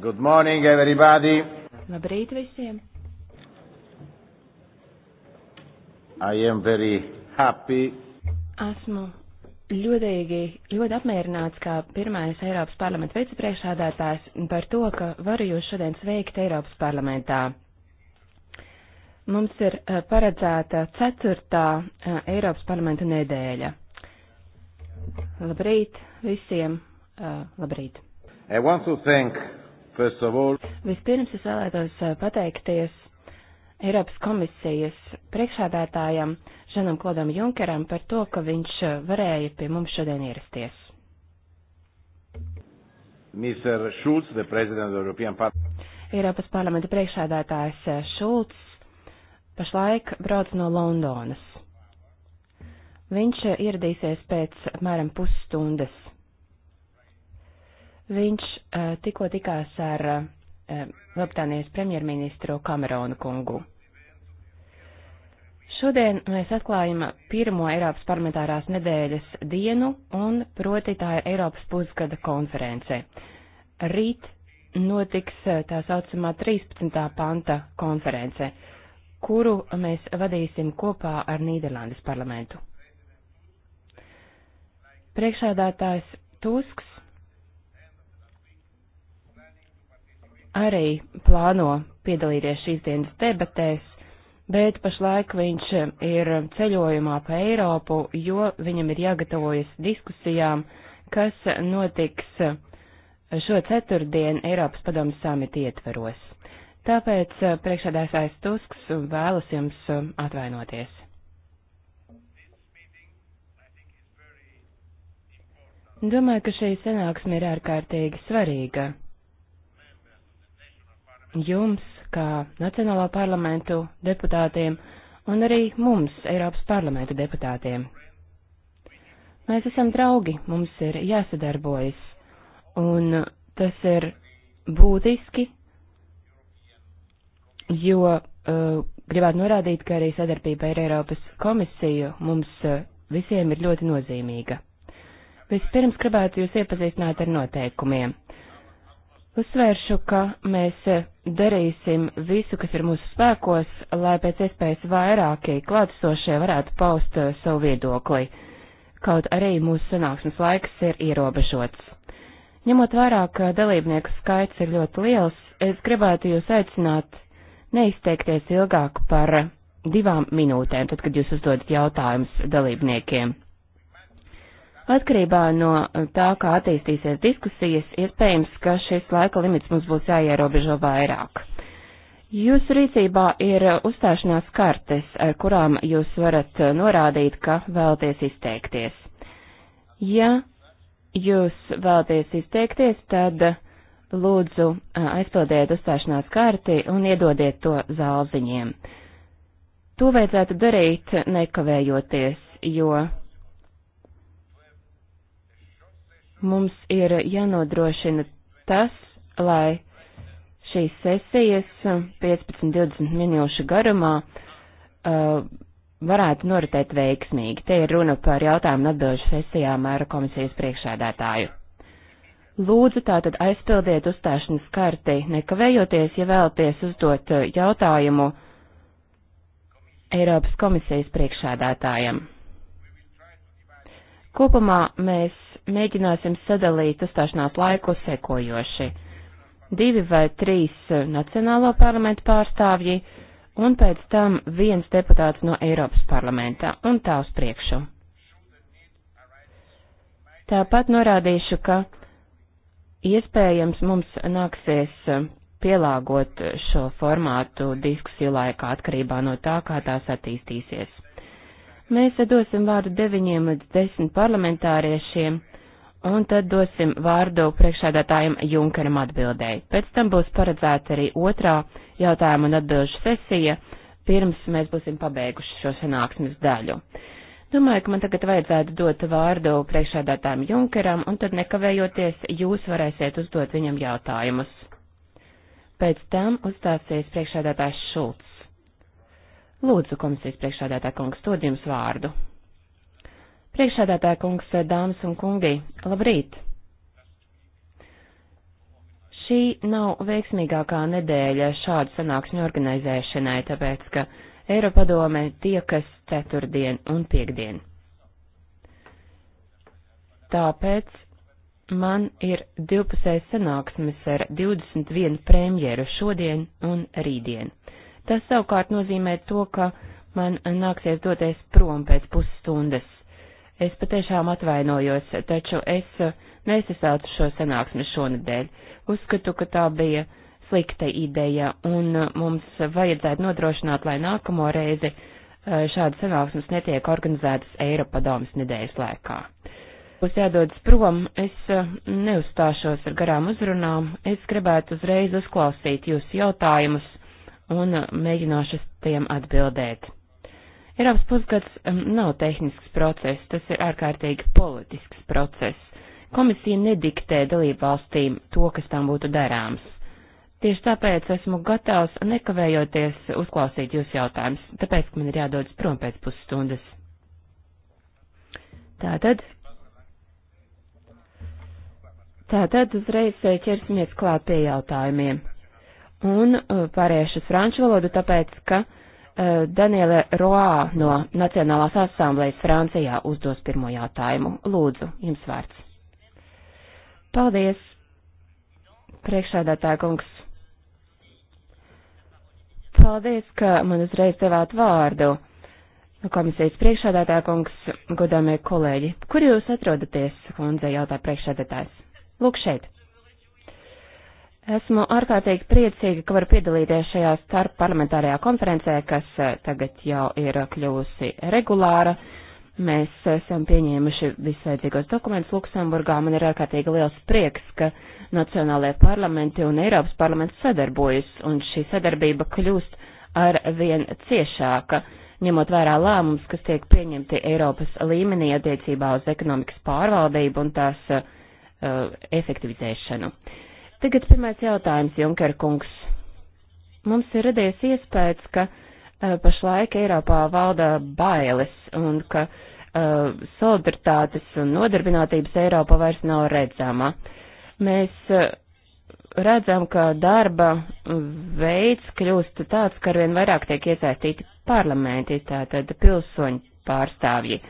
Good morning, everybody. Labrīt visiem. I am very happy. Esmu ļodīgi, ļoti apmierināts kā pirmais Eiropas parlamenta vicepriekšādātājs par to, ka varu jūs šodien sveikt Eiropas parlamentā. Mums ir eh, paredzēta ceturtā eh, Eiropas parlamenta nedēļa. Labrīt visiem, eh, labrīt. I want to thank Vispirms es vēlētos pateikties Eiropas komisijas priekšādātājam Žanam Klodam Junkeram par to, ka viņš varēja pie mums šodien ierasties. Schulz, par Eiropas parlamenta priekšādātājs Šulcs pašlaik brauc no Londonas. Viņš ieradīsies pēc apmēram pusstundas. Viņš uh, tikko tikās ar uh, Lielbritānijas premjerministru Kameronu kungu. Šodien mēs atklājam pirmo Eiropas parlamentārās nedēļas dienu, un proti tā ir Eiropas pusgada konference. Rīt notiks eh, tā saucamā 13. panta konference, kuru mēs vadīsim kopā ar Nīderlandes parlamentu. Priekšādātājs Tusks arī plāno piedalīties šīs dienas debatēs, bet pašlaik viņš ir ceļojumā pa Eiropu, jo viņam ir jāgatavojas diskusijām, kas notiks šo ceturtdienu Eiropas padomu samiti ietveros. Tāpēc eh, priekšādāsājs Tusks vēlas jums eh, atvainoties. Domāju, ka šī sanāksme ir ārkārtīgi svarīga jums, kā Nacionālā parlamentu deputātiem, un arī mums, Eiropas parlamenta deputātiem. Mēs esam draugi, mums ir jāsadarbojas, un tas ir būtiski, jo uh, gribētu norādīt, ka arī sadarbība ar Eiropas komisiju mums uh, visiem ir ļoti nozīmīga. Vispirms gribētu jūs iepazīstināt ar noteikumiem. Uzsvēršu, ka mēs e, darīsim visu, kas ir mūsu spēkos, lai pēc iespējas vairākie klātesošie varētu paust e, savu viedokli, kaut arī mūsu sanāksmes laiks ir ierobežots. Ņemot vērā, ka dalībnieku skaits ir ļoti liels, es gribētu jūs aicināt neizteikties ilgāk par divām minūtēm, tad, kad jūs uzdodat jautājumus dalībniekiem. Atkarībā no eh, tā, kā attīstīsies diskusijas, iespējams, ka šis laika limits mums būs jāierobežo vairāk. Jūsu rīcībā ir eh, uzstāšanās kartes, ar kurām jūs varat eh, norādīt, ka vēlaties izteikties. Ja jūs vēlaties izteikties, tad lūdzu aizpildiet uzstāšanās karti un iedodiet to zālziņiem. To vajadzētu darīt nekavējoties, jo Mums ir jānodrošina tas, lai šīs sesijas 15-20 minūšu garumā uh, varētu noritēt veiksmīgi. Te ir runa par jautājumu un atbilžu sesijām ar komisijas priekšādātāju. Lūdzu tātad aizpildiet uzstāšanas karti, nekavējoties, ja vēlaties uzdot uh, jautājumu Eiropas komisijas priekšādātājam. Kopumā mēs mēģināsim sadalīt uzstāšanās laiku sekojoši. Divi vai trīs eh, nacionālo parlamentu pārstāvji un pēc tam viens deputāts no Eiropas parlamentā un tā uz priekšu. Tāpat norādīšu, ka iespējams mums nāksies eh, pielāgot šo formātu diskusiju laikā atkarībā no tā, kā tās attīstīsies. Mēs dosim vārdu deviņiem līdz desmit parlamentāriešiem, Un tad dosim vārdu priekšādātājiem Junkaram atbildēji. Pēc tam būs paredzēta arī otrā jautājuma un atbilžu sesija, pirms mēs būsim pabeiguši šo sanāksmes daļu. Domāju, ka man tagad vajadzētu dot vārdu priekšādātājiem Junkaram, un tad nekavējoties jūs varēsiet uzdot viņam jautājumus. Pēc tam uzstāsies priekšādātājs Šulcs. Lūdzu, komisijas priekšādātā kungs, dod jums vārdu. Priekšsēdētāja kungs, dāmas un kungi, labrīt! Šī nav veiksmīgākā nedēļa šādu sanāksmu organizēšanai, tāpēc, ka Eiropadome tiekas ceturtdien un piekdien. Tāpēc man ir divpusējas sanāksmes ar 21 premjeru šodien un rītdien. Tas savukārt nozīmē to, ka man nāksies doties prom pēc pusstundas Es patiešām atvainojos, taču es eh, nesasaucu šo sanāksmi šonadēļ. Uzskatu, ka tā bija slikta ideja, un eh, mums vajadzētu nodrošināt, lai nākamo reizi eh, šāda sanāksmes netiek organizētas Eiropadomas nedēļas laikā. Būs jādodas prom, es neuzstāšos ar garām uzrunām, es gribētu uzreiz uzklausīt jūsu jautājumus un mēģināšu uz tiem atbildēt. Eiropas pusgads um, nav tehnisks process, tas ir ārkārtīgi politisks process. Komisija nediktē dalību valstīm to, kas tām būtu darāms. Tieši tāpēc esmu gatavs nekavējoties uzklausīt jūsu jautājumus, tāpēc, ka man ir jādodas prom pēc pusstundas. Tātad. Tātad uzreiz eh, ķersimies klāt pie jautājumiem. Un eh, pārējuši uz franču valodu, tāpēc, ka uh, Eh, Daniela Roā no Nacionālās asamblējas Francijā uzdos pirmo jautājumu. Lūdzu, jums vārds. Paldies, priekšādātāja kungs. Paldies, ka man uzreiz devāt vārdu. Nu, komisijas priekšādātāja kungs, godāmie kolēģi, kur jūs atrodaties, kundze, jautā priekšādātājs? Lūk šeit. Esmu ārkārtīgi priecīga, ka varu piedalīties šajā starpparlamentārajā konferencē, kas eh, tagad jau ir kļuvusi regulāra. Mēs eh, esam pieņēmuši visveidzīgos dokumentus Luksemburgā. Man ir ārkārtīgi liels prieks, ka Nacionālajie parlamenti un Eiropas parlaments sadarbojas, un šī sadarbība kļūst ar vien ciešāka, ņemot vērā lēmums, kas tiek pieņemti Eiropas līmenī attiecībā uz ekonomikas pārvaldību un tās uh, efektivizēšanu. Uh, Tagad pirmais jautājums, Junker kungs. Mums ir radies iespējas, ka uh, pašlaik Eiropā valda bailes un ka uh, solidaritātes un nodarbinātības Eiropa vairs nav redzama. Mēs uh, redzam, ka darba veids kļūst tāds, ka arvien vairāk tiek iesaistīti parlamenti, tātad pilsoņu pārstāvji.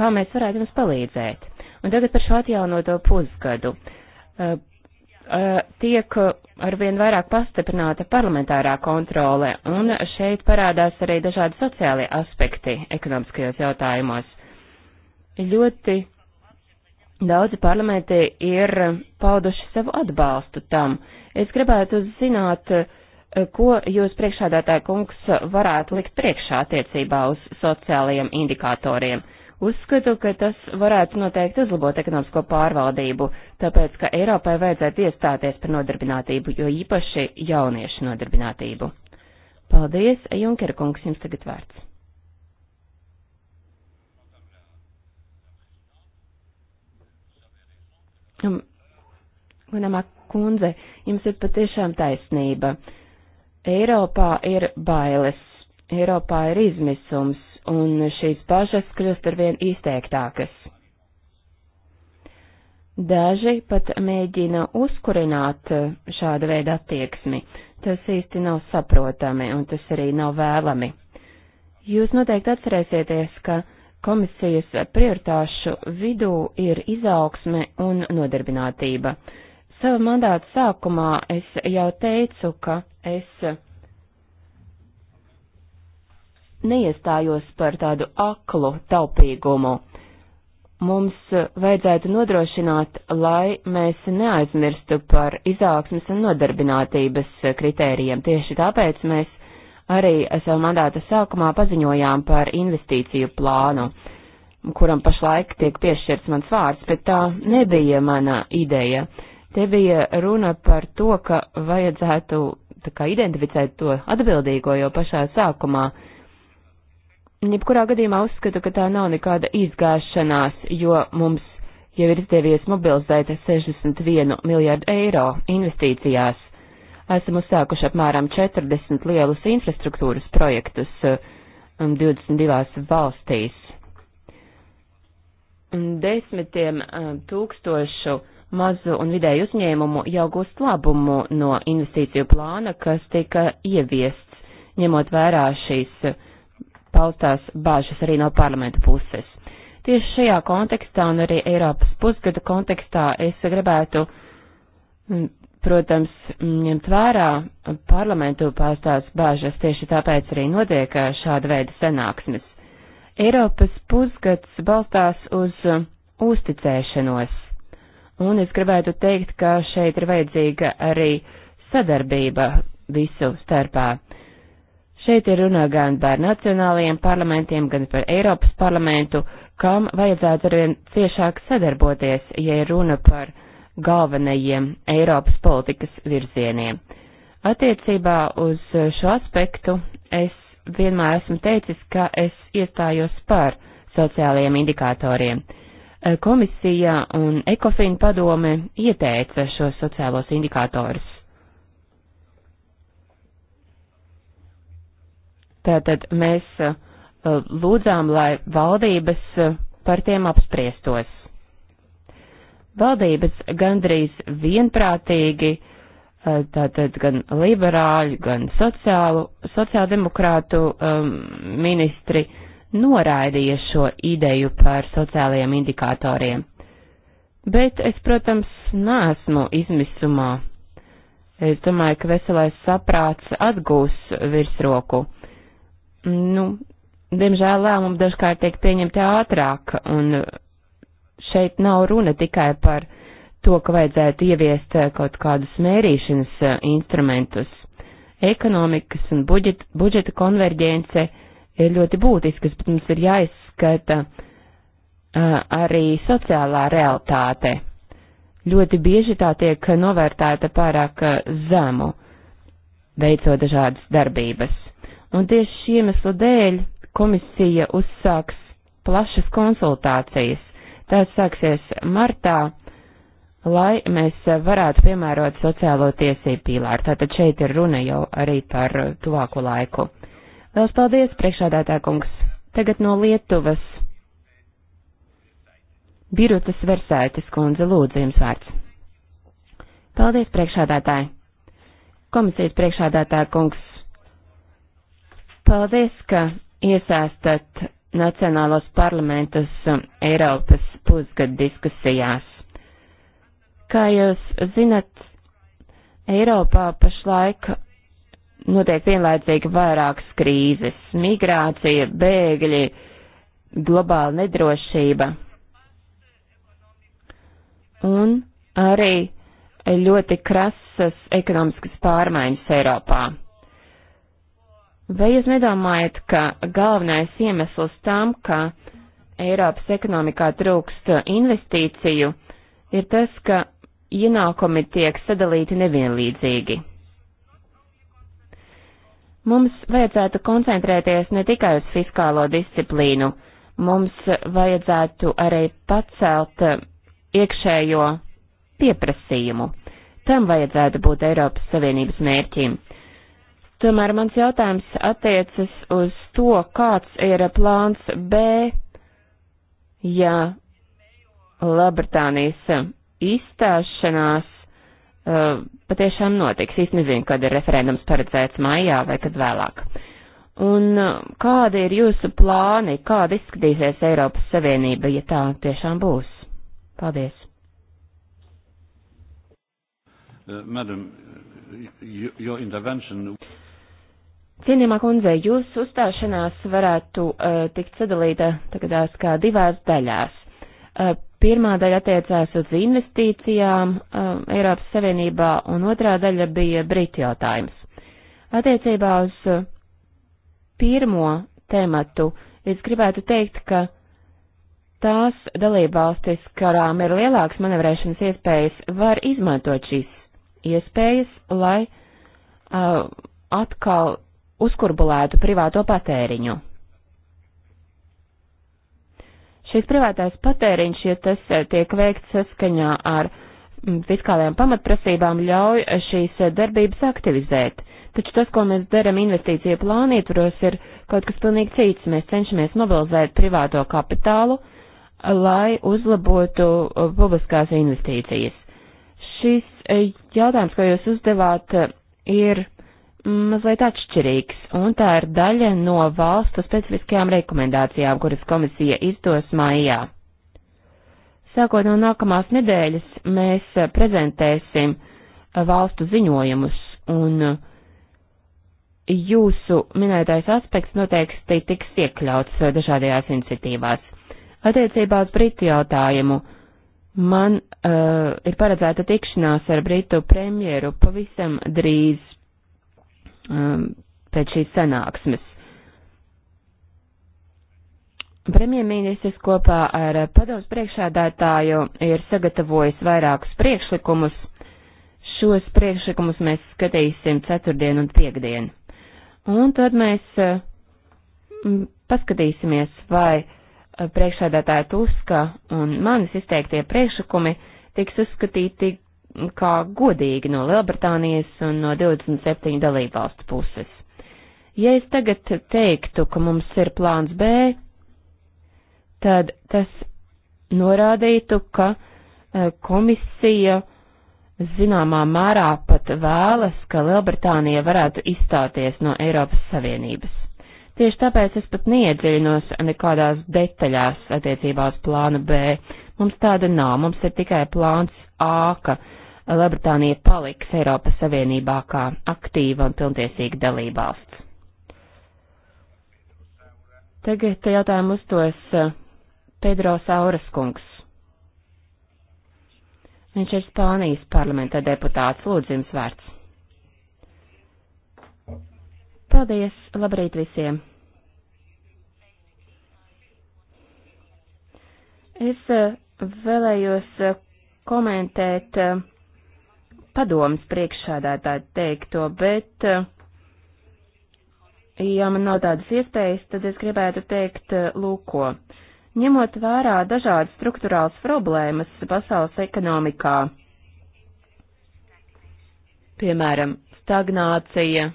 Kā mēs varētu jums palīdzēt? Un tagad par šo atjaunoto pusgadu. Eh, tiek arvien vairāk pastiprināta parlamentārā kontrole, un šeit parādās arī dažādi sociālie aspekti ekonomiskajos jautājumos. Ļoti daudzi parlamenti ir pauduši savu atbalstu tam. Es gribētu zināt, eh, ko jūs priekšādātāja kungs varētu likt priekšā attiecībā uz sociālajiem indikatoriem. Uh, Uzskatu, ka tas varētu noteikti uzlabot ekonomisko pārvaldību, tāpēc, ka Eiropai vajadzētu iestāties par nodarbinātību, jo īpaši jauniešu nodarbinātību. Paldies, Junker kungs, jums tagad vārds. Um, Gunamā kundze, jums ir patiešām taisnība. Eiropā ir bailes, Eiropā ir izmisums, un šīs bažas kļūst arvien izteiktākas. Daži pat mēģina uzkurināt šādu veidu attieksmi. Tas īsti nav saprotami, un tas arī nav vēlami. Jūs noteikti atcerēsieties, ka komisijas prioritāšu vidū ir izaugsme un nodarbinātība. Sava mandāta sākumā es jau teicu, ka es neiestājos par tādu aklu taupīgumu. Mums vajadzētu nodrošināt, lai mēs neaizmirstu par izaugsmes un nodarbinātības kritērijiem. Tieši tāpēc mēs arī savu mandāta sākumā paziņojām par investīciju plānu, kuram pašlaik tiek piešķirts mans vārds, bet tā nebija mana ideja. Te bija runa par to, ka vajadzētu kā, identificēt to atbildīgo jau pašā sākumā jebkurā gadījumā uzskatu, ka tā nav nekāda izgāšanās, jo mums jau ir izdevies mobilizēt 61 miljārdu eiro investīcijās. Esam uzsākuši apmēram 40 lielus infrastruktūras projektus 22 um, valstīs. Desmitiem um, tūkstošu mazu un vidēju uzņēmumu jau gūst labumu no investīciju plāna, kas tika ieviests, ņemot vērā šīs uh, paustās bāžas arī no parlamenta puses. Tieši šajā kontekstā un arī Eiropas pusgada kontekstā es gribētu, mm, protams, ņemt vērā parlamentu paustās bāžas, tieši tāpēc arī notiek šāda veida sanāksmes. Eiropas pusgads balstās uz uzticēšanos, un es gribētu teikt, ka šeit ir vajadzīga arī sadarbība visu starpā. Šeit ir runā gan par nacionālajiem parlamentiem, gan par Eiropas parlamentu, kam vajadzētu arvien ciešāk sadarboties, ja ir runa par galvenajiem Eiropas politikas virzieniem. Attiecībā uz šo aspektu es vienmēr esmu teicis, ka es iestājos par sociālajiem indikatoriem. Komisija un ekofīna padome ieteica šos sociālos indikatorus. Tātad mēs uh, lūdzām, lai valdības uh, par tiem apspriestos. Valdības gandrīz vienprātīgi, uh, tātad gan liberāļu, gan sociālu, sociāldemokrātu um, ministri noraidīja šo ideju par sociālajiem indikatoriem. Bet es, protams, neesmu izmisumā. Es domāju, ka veselais saprāts atgūs virsroku nu, diemžēl lēmumi dažkārt tiek pieņemti ātrāk, un šeit nav runa tikai par to, ka vajadzētu ieviest eh, kaut kādus mērīšanas eh, instrumentus. Ekonomikas un budžeta, budžeta konverģence ir ļoti būtiskas, bet mums ir jāizskata eh, arī sociālā realitāte. Ļoti bieži tā tiek novērtēta pārāk zemu, veicot dažādas darbības Un tieši šī iemesla dēļ komisija uzsāks plašas konsultācijas. Tās sāksies martā, lai mēs varētu piemērot sociālo tiesību pīlāru. Tātad šeit ir runa jau arī par tuvāku laiku. Vēl paldies, priekšādātā kungs. Tagad no Lietuvas. Birutas Versaitis kundze lūdzu jums vārds. Paldies, priekšādātāji. Komisijas priekšādātā kungs. Paldies, ka iesaistat nacionālos parlamentus Eiropas pusgadu diskusijās. Kā jūs zinat, Eiropā pašlaik notiek vienlaicīgi vairākas krīzes - migrācija, bēgļi, globāla nedrošība un arī ļoti krasas ekonomiskas pārmaiņas Eiropā. Vai jūs nedomājat, ka galvenais iemesls tam, ka Eiropas ekonomikā trūkst investīciju, ir tas, ka ienākumi tiek sadalīti nevienlīdzīgi? Mums vajadzētu koncentrēties ne tikai uz fiskālo disciplīnu, mums vajadzētu arī pacelt iekšējo pieprasījumu. Tam vajadzētu būt Eiropas Savienības mērķim. Tomēr mans jautājums attiecas uz to, kāds ir plāns B, ja Lielbritānijas izstāšanās uh, patiešām notiks. Es nezinu, kad ir referendums paredzēts maijā vai kad vēlāk. Un uh, kādi ir jūsu plāni, kāda izskatīsies Eiropas Savienība, ja tā tiešām būs? Paldies. Uh, madam, uh, your intervention. Cienījamā kundze, jūsu uzstāšanās varētu uh, tikt sadalīta tagadās kā divās daļās. Uh, pirmā daļa attiecās uz investīcijām uh, Eiropas Savienībā, un otrā daļa bija Britu jautājums. Attiecībā uz uh, pirmo tematu es gribētu teikt, ka tās dalībvalstis, karām ir lielāks manevrēšanas iespējas, var izmantot šīs iespējas, lai uh, atkal uzkurbulētu privāto patēriņu. Šis privātais patēriņš, ja tas eh, tiek veikts saskaņā ar mm, fiskālajām pamatprasībām, ļauj eh, šīs eh, darbības aktivizēt. Taču tas, ko mēs darām investīciju plānī, turos ir kaut kas pilnīgi cits. Mēs cenšamies mobilizēt privāto kapitālu, lai uzlabotu publiskās investīcijas. Šis jautājums, ko jūs uzdevāt, ir mazliet atšķirīgs, un tā ir daļa no valstu specifiskajām rekomendācijām, kuras komisija izdos maijā. Sākot no nākamās nedēļas, mēs prezentēsim valstu ziņojumus, un jūsu minētais aspekts noteikti tiks iekļauts dažādajās iniciatīvās. Attiecībā uz Britu jautājumu man uh, ir paredzēta tikšanās ar Britu premjeru pavisam drīz um, pēc šīs sanāksmes. Premjerministrs kopā ar padomus priekšādātāju ir sagatavojis vairākus priekšlikumus. Šos priekšlikumus mēs skatīsim ceturtdien un piekdien. Un tad mēs uh, paskatīsimies, vai uh, priekšādātāja Tuska un manis izteiktie priekšlikumi tiks uzskatīti kā godīgi no Lielbritānijas un no 27 dalībvalstu puses. Ja es tagad teiktu, ka mums ir plāns B, tad tas norādītu, ka e, komisija zināmā mērā pat vēlas, ka Lielbritānija varētu izstāties no Eiropas Savienības. Tieši tāpēc es pat neiedziļinos nekādās detaļās attiecībā uz plānu B. Mums tāda nav, mums ir tikai plāns A, ka Lielbritānija paliks Eiropas Savienībā kā aktīva un pilntiesīga dalībvalsts. Tagad jautājumu uzdos eh, Pedro Sauras kungs. Viņš ir Spānijas parlamenta deputāts. Lūdzu, jums vārds. Paldies, labrīt visiem! Es eh, vēlējos eh, komentēt padomas priekšsādātāju teikto, bet, eh, ja man nav tādas iespējas, tad es gribētu teikt eh, lūko. Ņemot vērā dažādas struktūrāls problēmas pasaules ekonomikā, piemēram, stagnācija,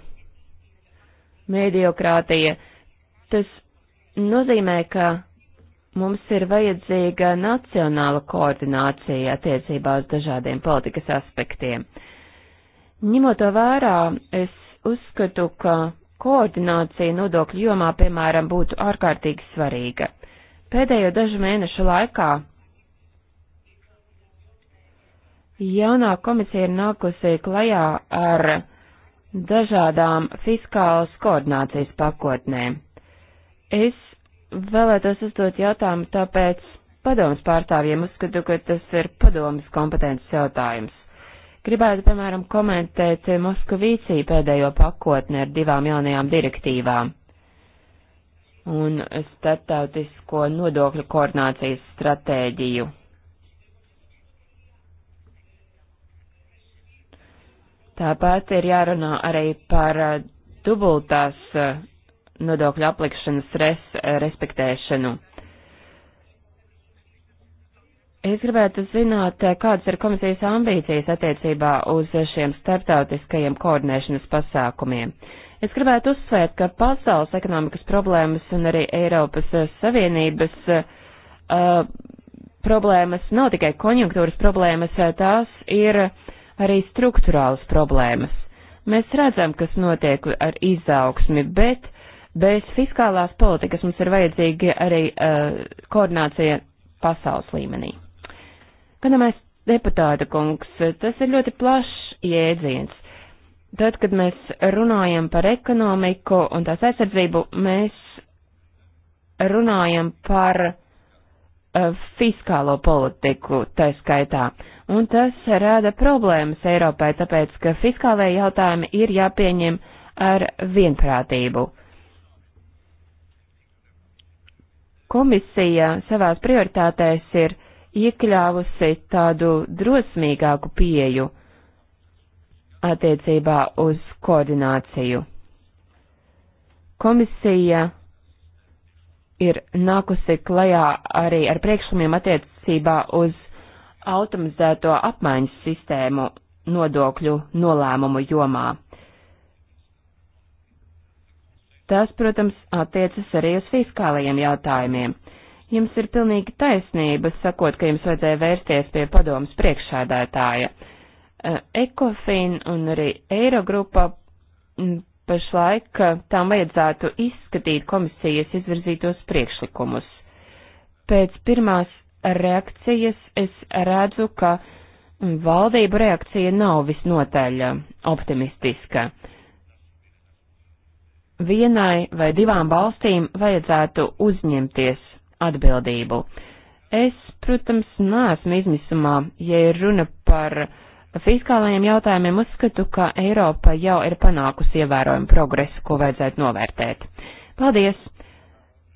mediokrātija, tas nozīmē, ka mums ir vajadzīga nacionāla koordinācija attiecībā uz dažādiem politikas aspektiem. Ņemot to vērā, es uzskatu, ka koordinācija nodokļu jomā, piemēram, būtu ārkārtīgi svarīga. Pēdējo dažu mēnešu laikā jaunā komisija ir nākusi klajā ar dažādām fiskālas koordinācijas pakotnēm. Es vēlētos uzdot jautājumu, tāpēc padomas pārstāvjiem uzskatu, ka tas ir padomas kompetences jautājums. Gribētu, piemēram, komentēt Moskavīcī pēdējo pakotni ar divām jaunajām direktīvām un starptautisko nodokļu koordinācijas stratēģiju. Tāpat ir jārunā arī par dubultās nodokļu aplikšanas res, respektēšanu. Es gribētu zināt, kādas ir komisijas ambīcijas attiecībā uz šiem starptautiskajiem koordinēšanas pasākumiem. Es gribētu uzsvērt, ka pasaules ekonomikas problēmas un arī Eiropas Savienības uh, problēmas nav tikai konjunktūras problēmas, tās ir arī struktūrāls problēmas. Mēs redzam, kas notiek ar izaugsmi, bet Bez fiskālās politikas mums ir vajadzīga arī uh, koordinācija pasaules līmenī. Gadamais deputāta kungs, tas ir ļoti plašs jēdziens. Tad, kad mēs runājam par ekonomiku un tās aizsardzību, mēs runājam par uh, fiskālo politiku, tā skaitā. Un tas rada problēmas Eiropai, tāpēc, ka fiskālajie jautājumi ir jāpieņem ar vienprātību. Uh, Komisija savās prioritātēs ir iekļāvusi tādu drosmīgāku pieju attiecībā uz koordināciju. Komisija ir nākusi klajā arī ar priekšlikumiem attiecībā uz automatizēto apmaiņas sistēmu nodokļu nolēmumu jomā. Tas, protams, attiecas arī uz fiskālajiem jautājumiem. Jums ir pilnīgi taisnība sakot, ka jums vajadzēja vērsties pie padomas priekšsēdētāja. Ekofin eh, un arī Eirogrupa mm, pašlaik eh, tām vajadzētu izskatīt komisijas izvirzītos priekšlikumus. Pēc pirmās reakcijas es redzu, ka mm, valdību reakcija nav visnotaļ eh, optimistiska. Uh, vienai vai divām valstīm vajadzētu uzņemties atbildību. Es, protams, neesmu izmisumā, ja ir runa par fiskālajiem jautājumiem, uzskatu, ka Eiropa jau ir panākusi ievērojumu progresu, ko vajadzētu novērtēt. Paldies!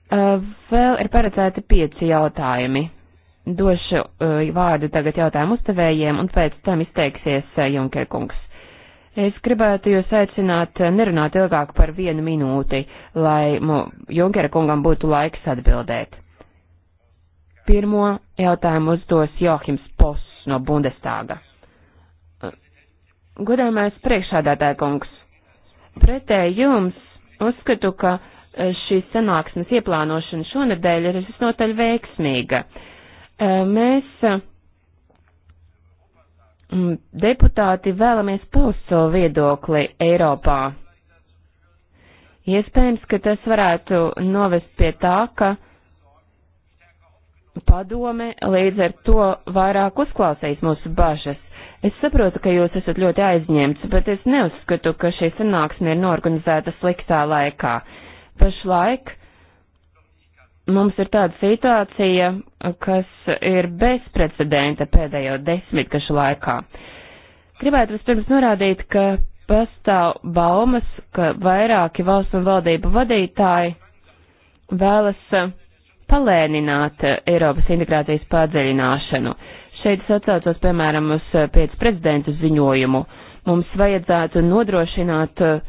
Uh, vēl ir paredzēti pieci jautājumi. Došu uh, vārdu tagad jautājumu uztevējiem, un pēc tam izteiksies uh, Junkerkungs. Es gribētu jūs aicināt eh, nerunāt ilgāk par vienu minūti, lai Junkera kungam būtu laiks atbildēt. Pirmo jautājumu uzdos Johims Poss no Bundestāga. Godājumais priekšādātāja kungs, pretēji jums uzskatu, ka eh, šīs sanāksmes ieplānošana šonadēļ ir visnotaļ veiksmīga. Eh, mēs Mm, deputāti vēlamies paust savu viedokli Eiropā. Iespējams, ka tas varētu novest pie tā, ka padome līdz ar to vairāk uzklausīs mūsu bažas. Es saprotu, ka jūs esat ļoti aizņemts, bet es neuzskatu, ka šī sanāksme ir norganizēta sliktā laikā. Pašlaik uh, mums ir tāda situācija, kas ir bezprecedenta pēdējo desmitgašu laikā. Gribētu vispirms norādīt, ka pastāv baumas, ka vairāki valsts un valdību vadītāji vēlas palēnināt Eiropas integrācijas padziļināšanu. Šeit es atcaucos, piemēram, uz pēc prezidentu ziņojumu. Mums vajadzētu nodrošināt uh,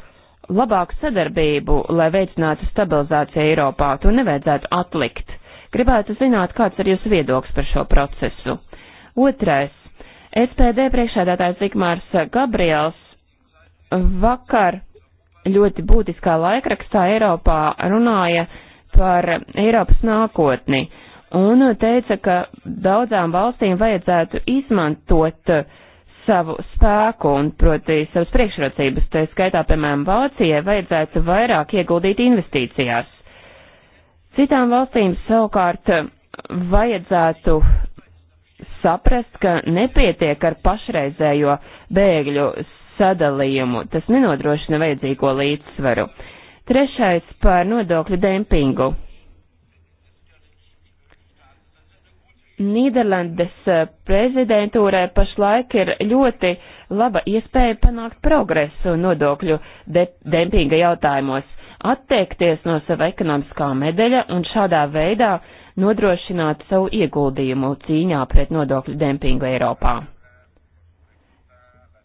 labāku sadarbību, lai veicinātu stabilizāciju Eiropā. To nevajadzētu atlikt. Gribētu zināt, kāds ir jūsu viedoklis par šo procesu. Otrais. SPD priekšādātājs Zikmārs Gabriels vakar ļoti būtiskā laikrakstā Eiropā runāja par Eiropas nākotni un teica, ka daudzām valstīm vajadzētu izmantot uh, savu spēku un, proti, savas priekšrocības. Tā skaitā, piemēram, Vācijai vajadzētu vairāk ieguldīt investīcijās. Citām valstīm savukārt vajadzētu saprast, ka nepietiek ar pašreizējo bēgļu sadalījumu. Tas nenodrošina vajadzīgo līdzsvaru. Trešais par nodokļu dempingu. Nīderlandes eh, prezidentūrai pašlaik ir ļoti laba iespēja panākt progresu nodokļu de dempinga jautājumos, atteikties no sava ekonomiskā medaļa un šādā veidā nodrošināt savu ieguldījumu cīņā pret nodokļu dempingu Eiropā.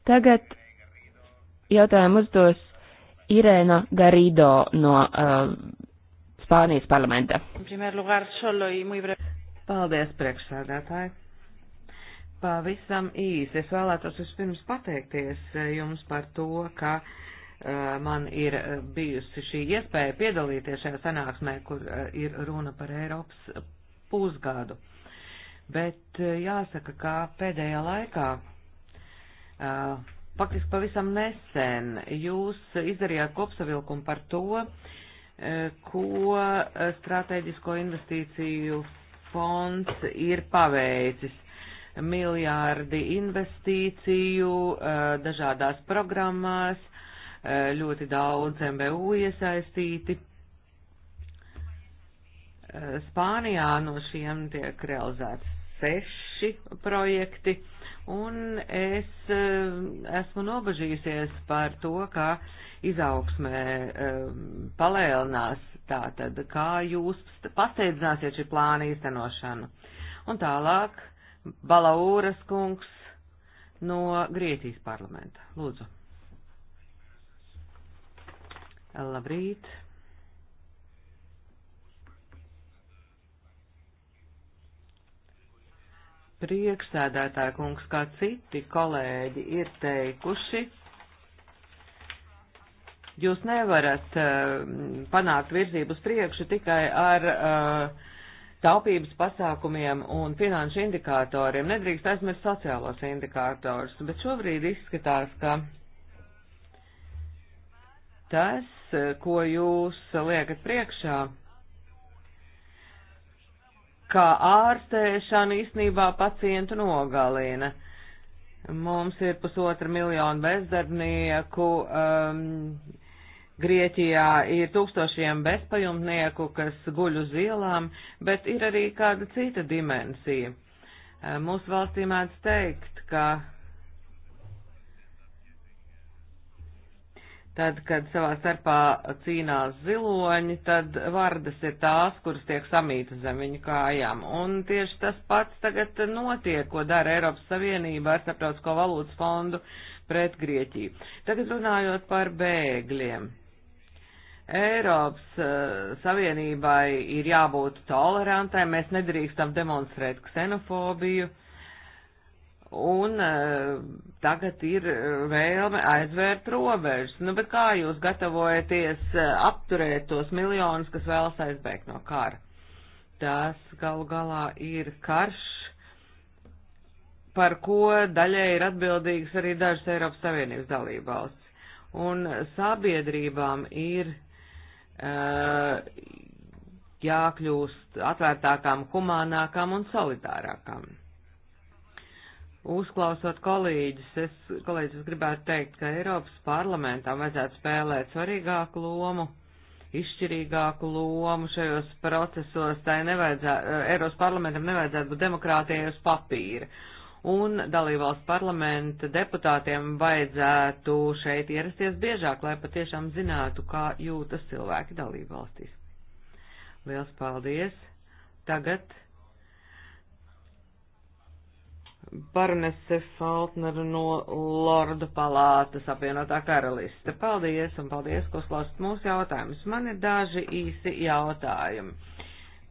Tagad jautājumu uzdos Irēna Garido no uh, Spānijas parlamenta. Paldies, priekšsēdētāji! Pavisam īsi es vēlētos vispirms pateikties eh, jums par to, ka uh, man ir eh, bijusi šī iespēja piedalīties šajā sanāksmē, kur uh, ir runa par Eiropas pusgadu. Bet uh, jāsaka, ka pēdējā laikā faktiski pavisam nesen jūs izdarījāt kopsavilkumu par to, ko strateģisko investīciju fonds ir paveicis miljārdi investīciju eh, dažādās programmās, eh, ļoti daudz MBU iesaistīti. Eh, Spānijā no šiem tiek realizēts seši projekti un es eh, esmu nobažījusies par to, ka izaugsmē eh, palēlinās tātad, kā jūs pasteidzināsiet šī plāna īstenošanu. Un tālāk Balaūras kungs no Grieķijas parlamenta. Lūdzu. Labrīt. priekšsēdētāja kungs, kā citi kolēģi ir teikuši, jūs nevarat uh, panākt virzību uz priekšu tikai ar uh, taupības pasākumiem un finanšu indikatoriem. Nedrīkst aizmirst sociālos indikatorus, bet šobrīd izskatās, ka tas, eh, ko jūs liekat priekšā, ka ārstēšana īstenībā pacientu nogalina. Mums ir pusotra miljona bezdarbnieku, um, Grieķijā ir tūkstošiem bezpajumtnieku, kas guļ uz ielām, bet ir arī kāda cita dimensija. Uh, mūsu valstī mēdz teikt, ka Tad, kad savā starpā cīnās ziloņi, tad vardas ir tās, kuras tiek samītas zem viņu kājām. Un tieši tas pats tagad notiek, ko dara Eiropas Savienība ar starptautisko valūtas fondu pret Grieķiju. Tagad runājot par bēgļiem. Eiropas uh, Savienībai ir jābūt tolerantai, mēs nedrīkstam demonstrēt ksenofobiju. Uh, un eh, tagad ir eh, vēlme aizvērt robežas. Nu, bet kā jūs gatavojaties eh, apturēt tos miljonus, kas vēlas aizbēgt no kara? Tas galu galā ir karš, par ko daļai ir atbildīgs arī dažas Eiropas Savienības dalībvalsts. Un sabiedrībām ir uh, jākļūst atvērtākām, humānākām un solidārākām. Uzklausot kolēģis, es, kolēģis, es gribētu teikt, ka Eiropas parlamentam vajadzētu spēlēt svarīgāku lomu, izšķirīgāku lomu šajos procesos, tai nevajadzētu, Eiropas parlamentam nevajadzētu būt demokrātijai uz papīra. Un dalībvalsts parlamenta deputātiem vajadzētu šeit ierasties biežāk, lai patiešām zinātu, kā jūtas cilvēki dalībvalstīs. Liels paldies! Tagad baronese Faltneru no Lordu palātas apvienotā karaliste. Paldies un paldies, ko klausat mūsu jautājumus. Man ir daži īsi jautājumi.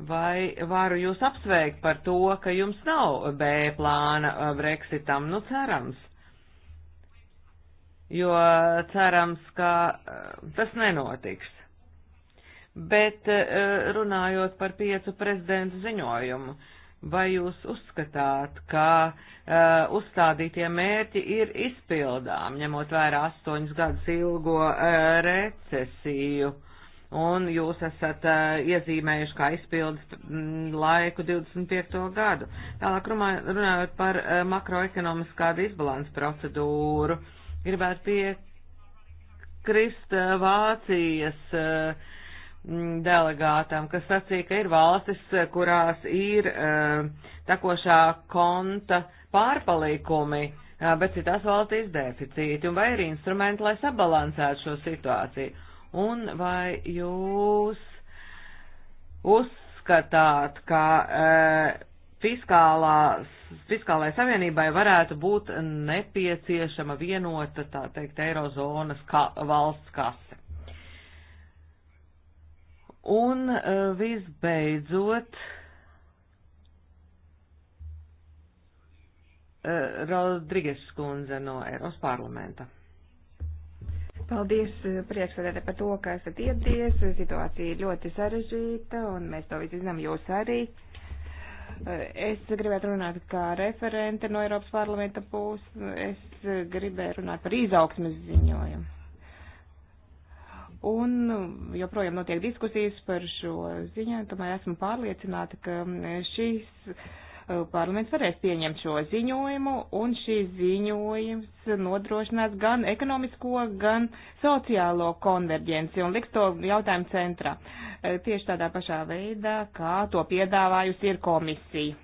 Vai varu jūs apsveikt par to, ka jums nav B plāna uh, Brexitam? Nu, cerams. Jo cerams, ka uh, tas nenotiks. Bet uh, runājot par piecu prezidentu ziņojumu, uh, Vai jūs uzskatāt, ka uh, uzstādītie mērķi ir izpildām, ņemot vērā astoņus gadus ilgo uh, recesiju? Un jūs esat uh, iezīmējuši kā izpildes mm, laiku 25. gadu. Tālāk runājot par uh, makroekonomiskā disbalansa procedūru, gribētu piekrist uh, Vācijas uh, Mm, delegātam, kas sacīja, ka ir valstis, kurās ir eh, tekošā konta pārpalikumi, eh, bet citās valstīs deficīti, un vai ir instrumenti, lai sabalansētu šo situāciju, un vai jūs uzskatāt, ka eh, fiskālās, fiskālai savienībai varētu būt nepieciešama vienota, tā teikt, eirozonas ka, valsts kasa? Un eh, visbeidzot, eh, Rodriges skundze no Eiros parlamenta. Paldies eh, priekšsēdētē par to, ka esat ieradies. Situācija ir ļoti sarežģīta un mēs to visu zinām jūs arī. Es gribētu runāt kā referente no Eiropas parlamenta puses. Es gribēju runāt par izaugsmes ziņojumu Un joprojām notiek diskusijas par šo ziņu, tomēr esmu pārliecināta, ka šīs uh, parlaments varēs pieņemt šo ziņojumu, un šīs ziņojums nodrošinās gan ekonomisko, gan sociālo konverģenci un liks to jautājumu centrā. Uh, tieši tādā pašā veidā, kā to piedāvājusi ir komisija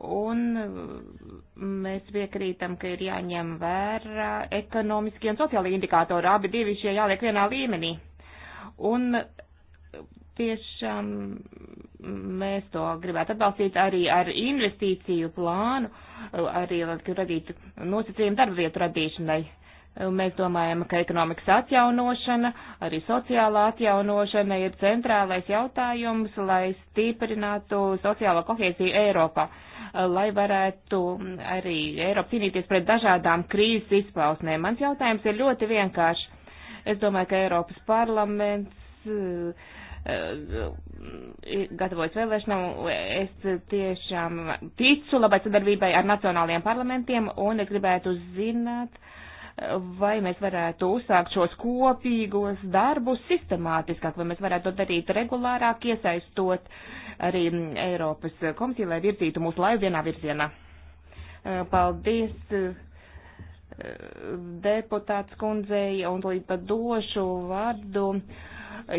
un mm, mēs piekrītam, ka ir jāņem vērā ekonomiskie un sociālie indikātori, abi divi šie jāliek vienā līmenī. Un tiešām mm, mēs to gribētu atbalstīt arī ar investīciju plānu, arī radīt nosacījumu darba vietu radīšanai. Mēs domājam, ka ekonomikas atjaunošana, arī sociālā atjaunošana ir centrālais jautājums, lai stiprinātu sociālo kohēziju Eiropā. Uh, Eh, lai varētu mm, arī Eiropa cīnīties pret dažādām krīzes izpausmēm. Mans jautājums ir ļoti vienkāršs. Es domāju, ka Eiropas parlaments eh, eh, gatavojas vēlēšanām. Es tiešām ticu labai sadarbībai ar nacionālajiem parlamentiem un es gribētu zināt, vai mēs varētu uzsākt šos kopīgos darbus sistemātiskāk, vai mēs varētu to darīt regulārāk, iesaistot uh, arī Eiropas komisiju, lai virzītu mūsu laivu vienā virzienā. Paldies deputāts kundzei un līdz pat došu vārdu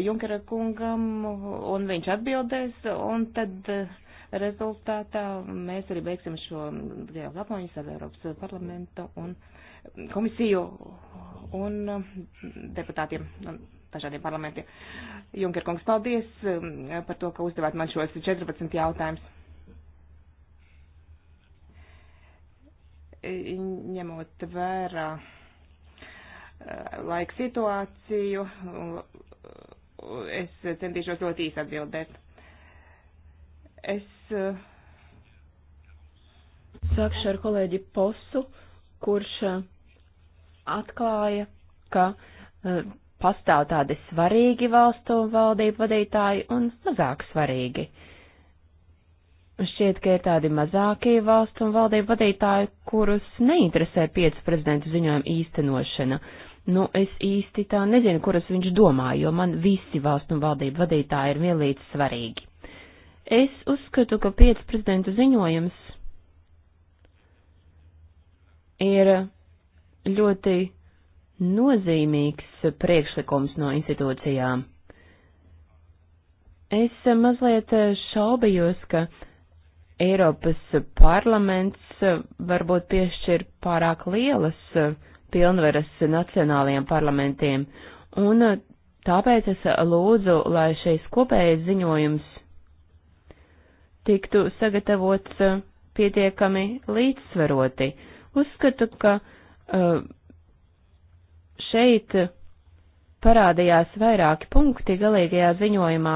Junkera kungam un viņš atbildēs un tad rezultātā mēs arī beigsim šo dialogu apmaiņas ar Eiropas parlamentu un komisiju un deputātiem. Un, dažādiem parlamentiem. Junker kungs, paldies um, par to, ka uzdevāt man šos 14 jautājumus. Ņemot vērā uh, laika situāciju, es centīšos ļoti īsi atbildēt. Es uh, sākšu ar kolēģi Posu, kurš uh, atklāja, ka pastāv tādi svarīgi valstu valdību vadītāji un mazāk svarīgi. Šķiet, ka ir tādi mazākie valstu un valdību vadītāji, kurus neinteresē piecu prezidentu ziņojuma īstenošana. Nu, es īsti tā nezinu, kuras viņš domā, jo man visi valstu un valdību vadītāji ir vienlīdz svarīgi. Es uzskatu, ka piecu prezidentu ziņojums ir ļoti nozīmīgs priekšlikums no institūcijām. Es mazliet šaubījos, ka Eiropas parlaments varbūt piešķir pārāk lielas pilnveras nacionālajiem parlamentiem, un tāpēc es lūdzu, lai šis kopējais ziņojums tiktu sagatavots pietiekami līdzsvaroti. Uzskatu, ka uh, Šeit parādījās vairāki punkti galīgajā ziņojumā,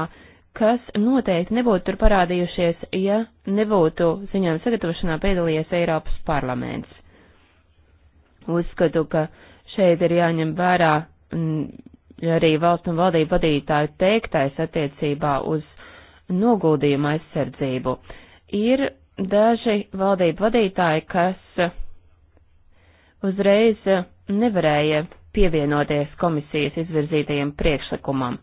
kas noteikti nebūtu tur parādījušies, ja nebūtu ziņojuma sagatavošanā piedalījies Eiropas parlaments. Uzskatu, ka šeit ir jāņem vērā mm, arī valsts un valdību vadītāju teiktais attiecībā uz noguldījumu aizsardzību. Ir daži valdību vadītāji, kas uzreiz nevarēja pievienoties komisijas izvirzītajiem priekšlikumam.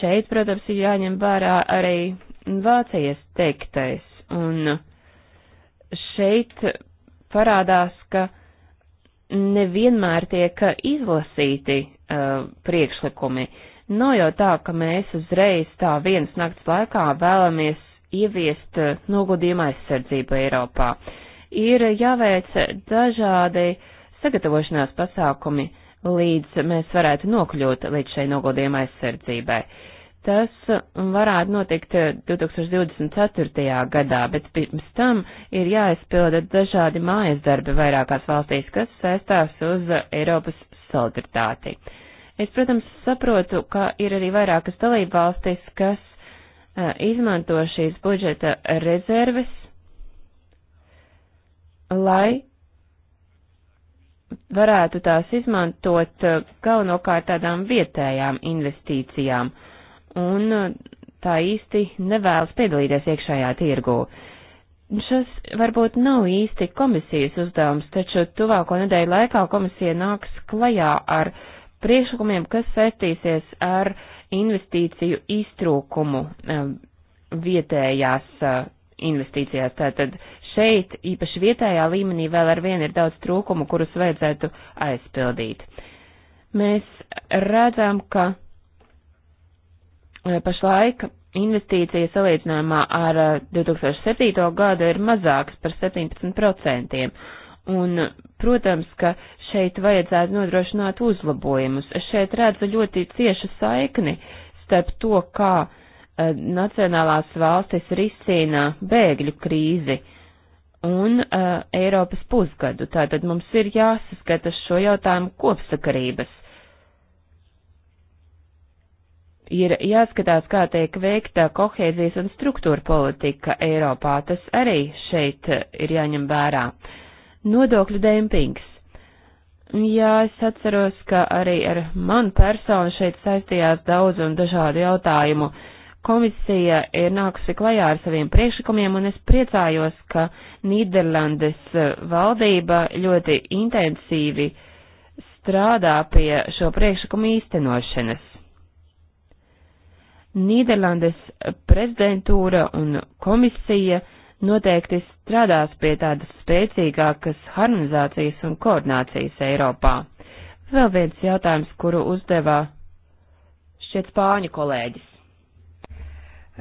Šeit, protams, ir jāņem vērā arī Vācijas teiktais, un šeit parādās, ka nevienmēr tiek izlasīti uh, priekšlikumi. Nav no jau tā, ka mēs uzreiz tā vienas nakts laikā vēlamies ieviest uh, noguldījuma aizsardzību Eiropā. Ir jāveic dažādi uh, sagatavošanās pasākumi, līdz mēs varētu nokļūt līdz šai nogodījuma aizsardzībai. Tas varētu notikt 2024. gadā, bet pirms tam ir jāizpilda dažādi mājas darbi vairākās valstīs, kas saistās uz Eiropas solidaritāti. Es, protams, saprotu, ka ir arī vairākas dalība valstis, kas uh, izmanto šīs budžeta rezerves, lai varētu tās izmantot eh, galvenokārt tādām vietējām investīcijām, un eh, tā īsti nevēlas piedalīties iekšējā tirgū. Šis varbūt nav īsti komisijas uzdevums, taču tuvāko nedēļu laikā komisija nāks klajā ar priekšlikumiem, kas saistīsies ar investīciju iztrūkumu eh, vietējās investīcijās. Tātad šeit, īpaši vietējā līmenī, vēl ar vienu ir daudz trūkumu, kurus vajadzētu aizpildīt. Mēs redzam, ka e, pašlaik investīcija salīdzinājumā ar 2007. E, gadu ir mazāks par 17%. Un, protams, ka šeit vajadzētu nodrošināt uzlabojumus. Es šeit redzu ļoti ciešu saikni starp to, kā uh, nacionālās valstis risina bēgļu krīzi un uh, Eiropas pusgadu. Tātad mums ir jāsaskata šo jautājumu kopsakarības. Ir jāskatās, kā tiek veikta kohēzijas un struktūra politika Eiropā. Tas arī šeit uh, ir jāņem vērā. Nodokļu dempings. Jā, es atceros, ka arī ar manu personu šeit saistījās daudz un dažādu jautājumu. Uh, Komisija ir nākusi klajā ar saviem priekšlikumiem, un es priecājos, ka Nīderlandes eh, valdība ļoti intensīvi strādā pie šo priekšlikumu īstenošanas. Nīderlandes prezidentūra un komisija noteikti strādās pie tādas spēcīgākas harmonizācijas un koordinācijas Eiropā. Vēl viens jautājums, kuru uzdevā šķiet spāņu kolēģis.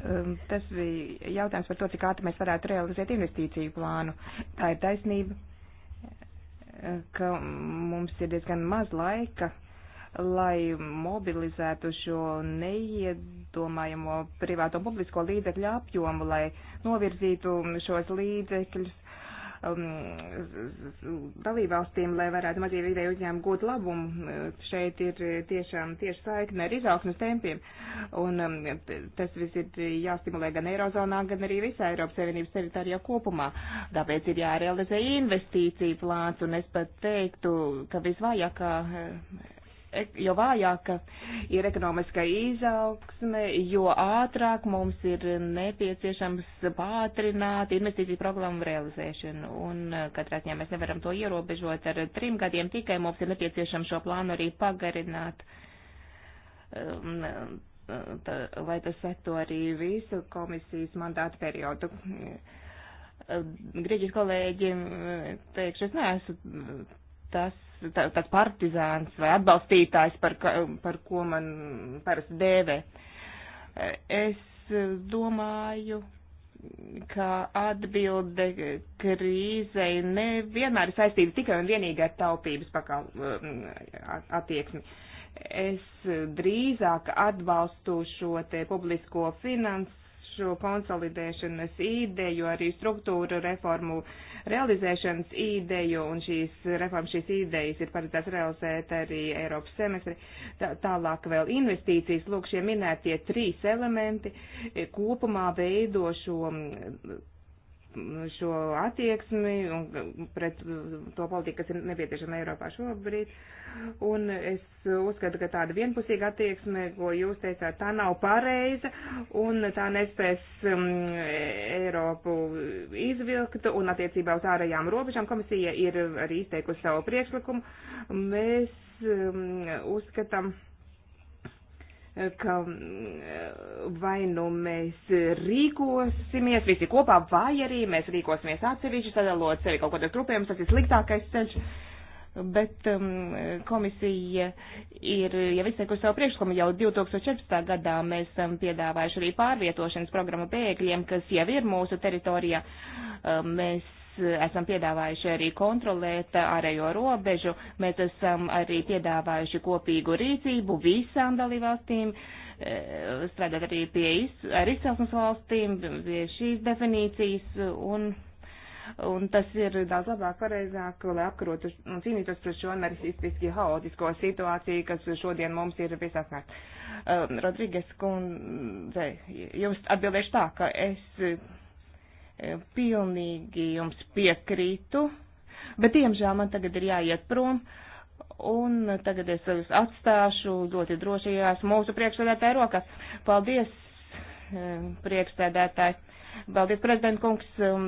Um, tas bija jautājums par to, cik ātri mēs varētu realizēt investīciju plānu. Tā ir taisnība, uh, ka mums ir diezgan maz laika, lai mobilizētu šo neiedomājamo privāto un publisko līdzekļu apjomu, lai novirzītu šos līdzekļus um, dalībvalstīm, lai varētu mazie vidēji uzņēmumi gūt labumu. Uh, šeit ir uh, tiešām tieši saikne ar izaugsmes tempiem, un um, tas viss ir jāstimulē gan Eirozonā, gan arī visā Eiropas Savienības teritorijā kopumā. Tāpēc ir jārealizē investīcija plāns, un es pat teiktu, ka visvājākā uh, jo vājāka ir ekonomiskā izaugsme, jo ātrāk mums ir nepieciešams pātrināt investīciju programmu realizēšanu. Un e, katrā ziņā mēs nevaram to ierobežot ar trim gadiem, tikai mums ir nepieciešams šo plānu arī pagarināt. Um, e, e, tā, lai tas sektu arī visu komisijas mandātu periodu grieķis kolēģi teikšu, es neesmu tas tāds partizāns vai atbalstītājs, par, par ko man parasti dēvē. Es domāju, ka atbilde krīzei nevienmēr ir saistīta tikai un vienīgi ar taupības pakal, um, attieksmi. Es drīzāk atbalstu šo te publisko finansu finanšu konsolidēšanas ideju, arī struktūra reformu realizēšanas ideju, un šīs reformas, šīs idejas ir paredzēts realizēt arī Eiropas semestri. Tā, tālāk vēl investīcijas, lūk, šie minētie trīs elementi e, kopumā veido šo šo attieksmi un pret to politiku, kas ir nepieciešama Eiropā šobrīd. Un es uzskatu, ka tāda vienpusīga attieksme, ko jūs teicāt, tā nav pareiza un tā nespēs um, Eiropu izvilkt. Un attiecībā uz ārējām robežām komisija ir arī izteikusi savu priekšlikumu. Mēs um, uzskatām ka mm, vai nu mēs rīkosimies visi kopā, vai arī mēs rīkosimies atsevišķi, sadalot sevi kaut kādos grupējumos, tas ir sliktākais ceļš bet um, komisija ir jau izteikusi savu priekšlikumu. Jau 2014. gadā mēs esam piedāvājuši arī pārvietošanas programmu bēgļiem, kas jau ir mūsu teritorijā. Um, mēs esam piedāvājuši arī kontrolēt ārējo robežu, mēs esam arī piedāvājuši kopīgu rīcību visām dalībvalstīm, eh, strādāt arī pie iz, ar izcelsmes valstīm, pie šīs definīcijas un. Un tas ir daudz labāk, pareizāk, lai apkarotu un cīnītos pret šo narcistiski haotisko situāciju, kas šodien mums ir visapkārt. Um, eh, Rodrīgas kundze, jums atbildēšu tā, ka es Pilnīgi jums piekrītu, bet diemžēl man tagad ir jāiet prom, un tagad es jūs atstāšu ļoti drošajās mūsu priekšsēdētāju rokās. Paldies, eh, priekšsēdētāji! Paldies, prezident kungs, um,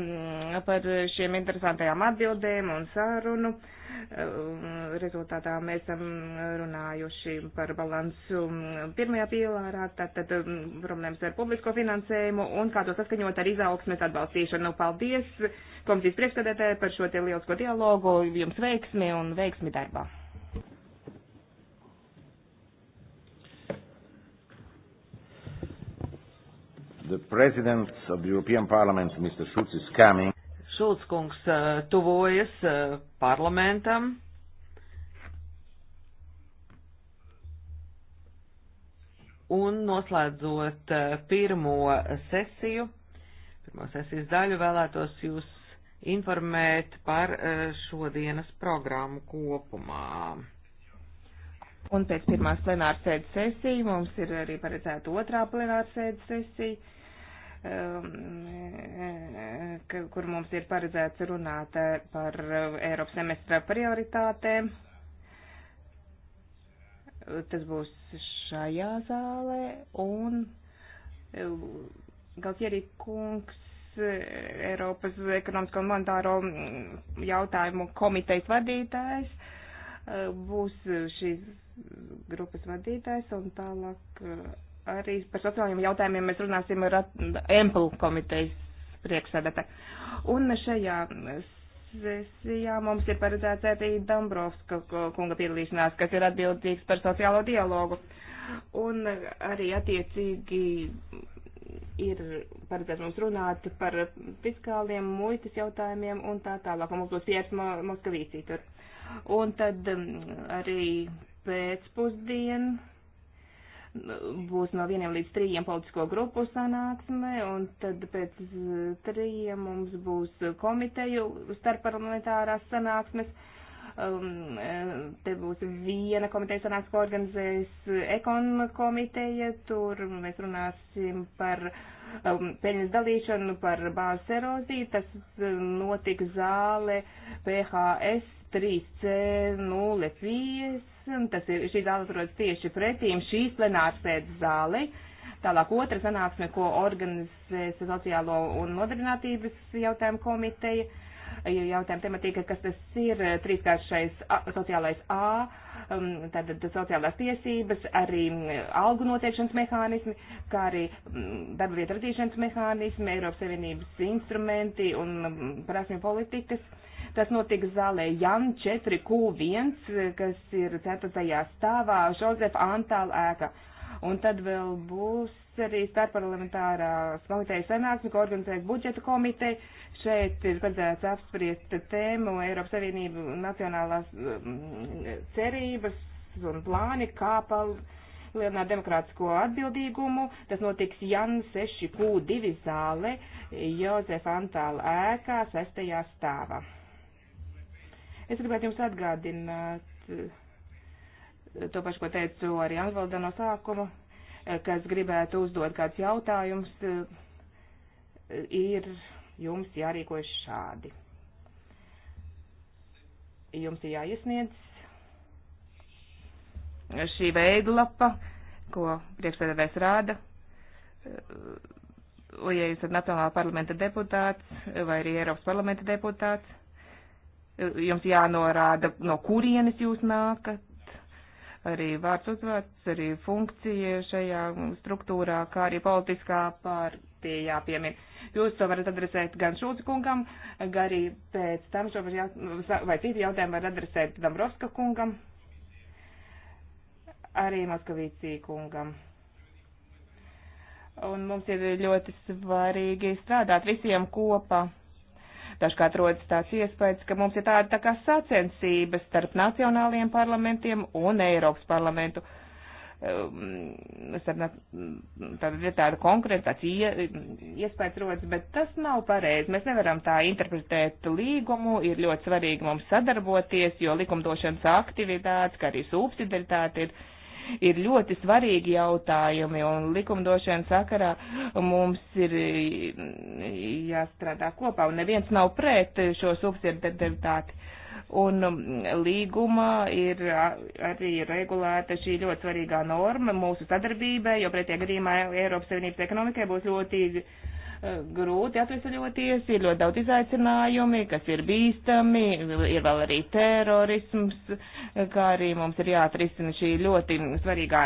par šiem interesantajām atbildēm un sārunu. Um, rezultātā mēs esam runājuši par balansu um, pirmajā pīlārā, tātad problēmas ar publisko finansējumu un kā to saskaņot ar izaugsmes atbalstīšanu. Paldies komisijas priekšstādētāji par šo te lielisko dialogu, jums veiksmi un veiksmi darbā. The President of the European Parliament, Mr. Schulz, is coming. Šulc kungs uh, tuvojas uh, parlamentam. Un noslēdzot uh, pirmo sesiju, pirmo sesijas daļu vēlētos jūs informēt par šodienas programmu kopumā. Un pēc pirmās plenārsēdes sesijas mums ir arī paredzēta otrā plenārsēdes sesija Um, kur mums ir paredzēts runāt eh, par eh, Eiropas semestra prioritātēm. Tas būs šajā zālē un eh, Galtieri kungs Eiropas ekonomisko un monetāro mm, jautājumu komitejas vadītājs būs šīs grupas vadītājs un tālāk arī par sociālajiem jautājumiem mēs runāsim ar Emplu komitejas priekšsēdētā. Un šajā sesijā mums ir paredzēts arī Dombrovska kunga piedalīšanās, kas ir atbildīgs par sociālo dialogu. Un arī attiecīgi ir paredzēts mums runāt par fiskāliem, muitas jautājumiem un tā tālāk. Un mums būs piec Moskavīcī tur. Un tad um, arī pēcpusdienu būs no vieniem līdz trījiem politisko grupu sanāksme, un tad pēc trījiem mums būs komiteju starpparlamentārās sanāksmes. Um, te būs viena komiteja sanāks, ko organizēs ekon komiteja, tur mēs runāsim par um, peļņas dalīšanu, par bāzes eroziju, tas um, notiks zāle PHS 3C05 sanāksim. Tas ir, šī zāle atrodas tieši pretīm šīs plenārsēdes zālei. Tālāk otra sanāksme, ko organizē sociālo un nodarbinātības jautājumu komiteja. Jautājuma tematika, kas tas ir, trīskāršais sociālais A, tātad um, sociālās tiesības, arī um, algu noteikšanas mehānismi, kā arī um, darba vietu radīšanas mehānismi, Eiropas Savienības instrumenti un prasmju politikas Tas notiks zālē Jan 4Q1, kas ir 4. stāvā Žozefa Antāla ēka. Un tad vēl būs arī starpparlamentārās komitejas sanāksme, ko organizēs budžeta komiteja. Šeit ir paredzēts apspriest tēmu Eiropas Savienību nacionālās mm, cerības un plāni, kā palielināt demokrātisko atbildīgumu. Tas notiks Jan 6Q2 zāle Jozefa Antāla ēkā 6. stāvā. Es gribētu jums atgādināt eh, to pašu, ko teicu arī Anvalda no sākuma, eh, kas gribētu uzdot kāds jautājums, eh, ir jums jārīkojas šādi. Jums ir jāiesniedz šī veidlapa, ko priekšsēdētājs rāda. Un, ja jūs esat Nacionālā parlamenta deputāts vai arī Eiropas parlamenta deputāts, jums jānorāda, no kurienes jūs nākat, arī vārds uzvārds, arī funkcija šajā struktūrā, kā arī politiskā pārtie jāpiemina. Jūs to varat adresēt gan Šulci kungam, gan arī pēc tam šo jā, vai citu jautājumu var adresēt Dombrovska kungam, arī Moskavīcī kungam. Un mums ir ļoti svarīgi strādāt visiem kopā. Dažkārt rodas tāds iespējas, ka mums ir tāda tā kā sacensība starp nacionālajiem parlamentiem un Eiropas parlamentu. Ehm, tāda ir tāda konkrēta tāds iespējas rodas, bet tas nav pareizi. Mēs nevaram tā interpretēt līgumu, ir ļoti svarīgi mums sadarboties, jo likumdošanas aktivitātes, kā arī subsidaritāte ir ir ļoti svarīgi jautājumi, un likumdošana sakarā mums ir jāstrādā kopā, un neviens nav pret šo subsidiaritāti. Un um, līgumā ir arī regulēta šī ļoti svarīgā norma mūsu sadarbībai, jo pretie gadījumā Eiropas Savienības ekonomikai būs ļoti grūti atvesaļoties, ir ļoti daudz izaicinājumi, kas ir bīstami, ir vēl arī terorisms, kā arī mums ir jāatrisina šī ļoti svarīgā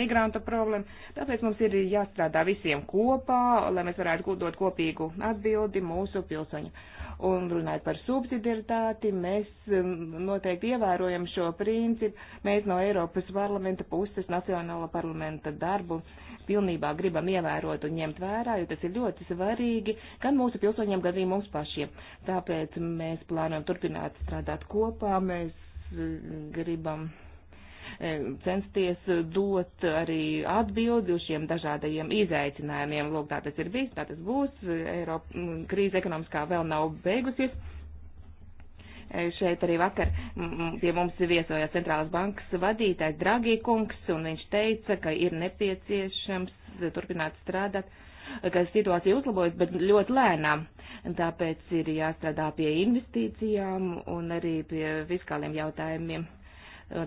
migranta problēma. Tāpēc mums ir jāstrādā visiem kopā, lai mēs varētu dot kopīgu atbildi mūsu pilsoņu. Un runājot par subsidiaritāti, mēs mm, noteikti ievērojam šo principu. Mēs no Eiropas parlamenta puses, Nacionāla parlamenta darbu, uh, pilnībā gribam ievērot un ņemt vērā, jo tas ir ļoti svarīgi gan mūsu pilsoņiem, gan arī mums pašiem. Tāpēc mēs plānojam turpināt strādāt kopā, mēs mm, gribam eh, censties dot arī atbildi uz šiem dažādajiem izaicinājumiem. Lūk, tā tas ir viss, tā tas būs. Eiropa mm, krīze ekonomiskā vēl nav beigusies Šeit arī vakar pie mums viesojās centrālās bankas vadītājs Dragī kungs, un viņš teica, ka ir nepieciešams turpināt strādāt, ka situācija uzlabojas, bet ļoti lēnām. Tāpēc ir jāstrādā pie investīcijām un arī pie fiskāliem jautājumiem.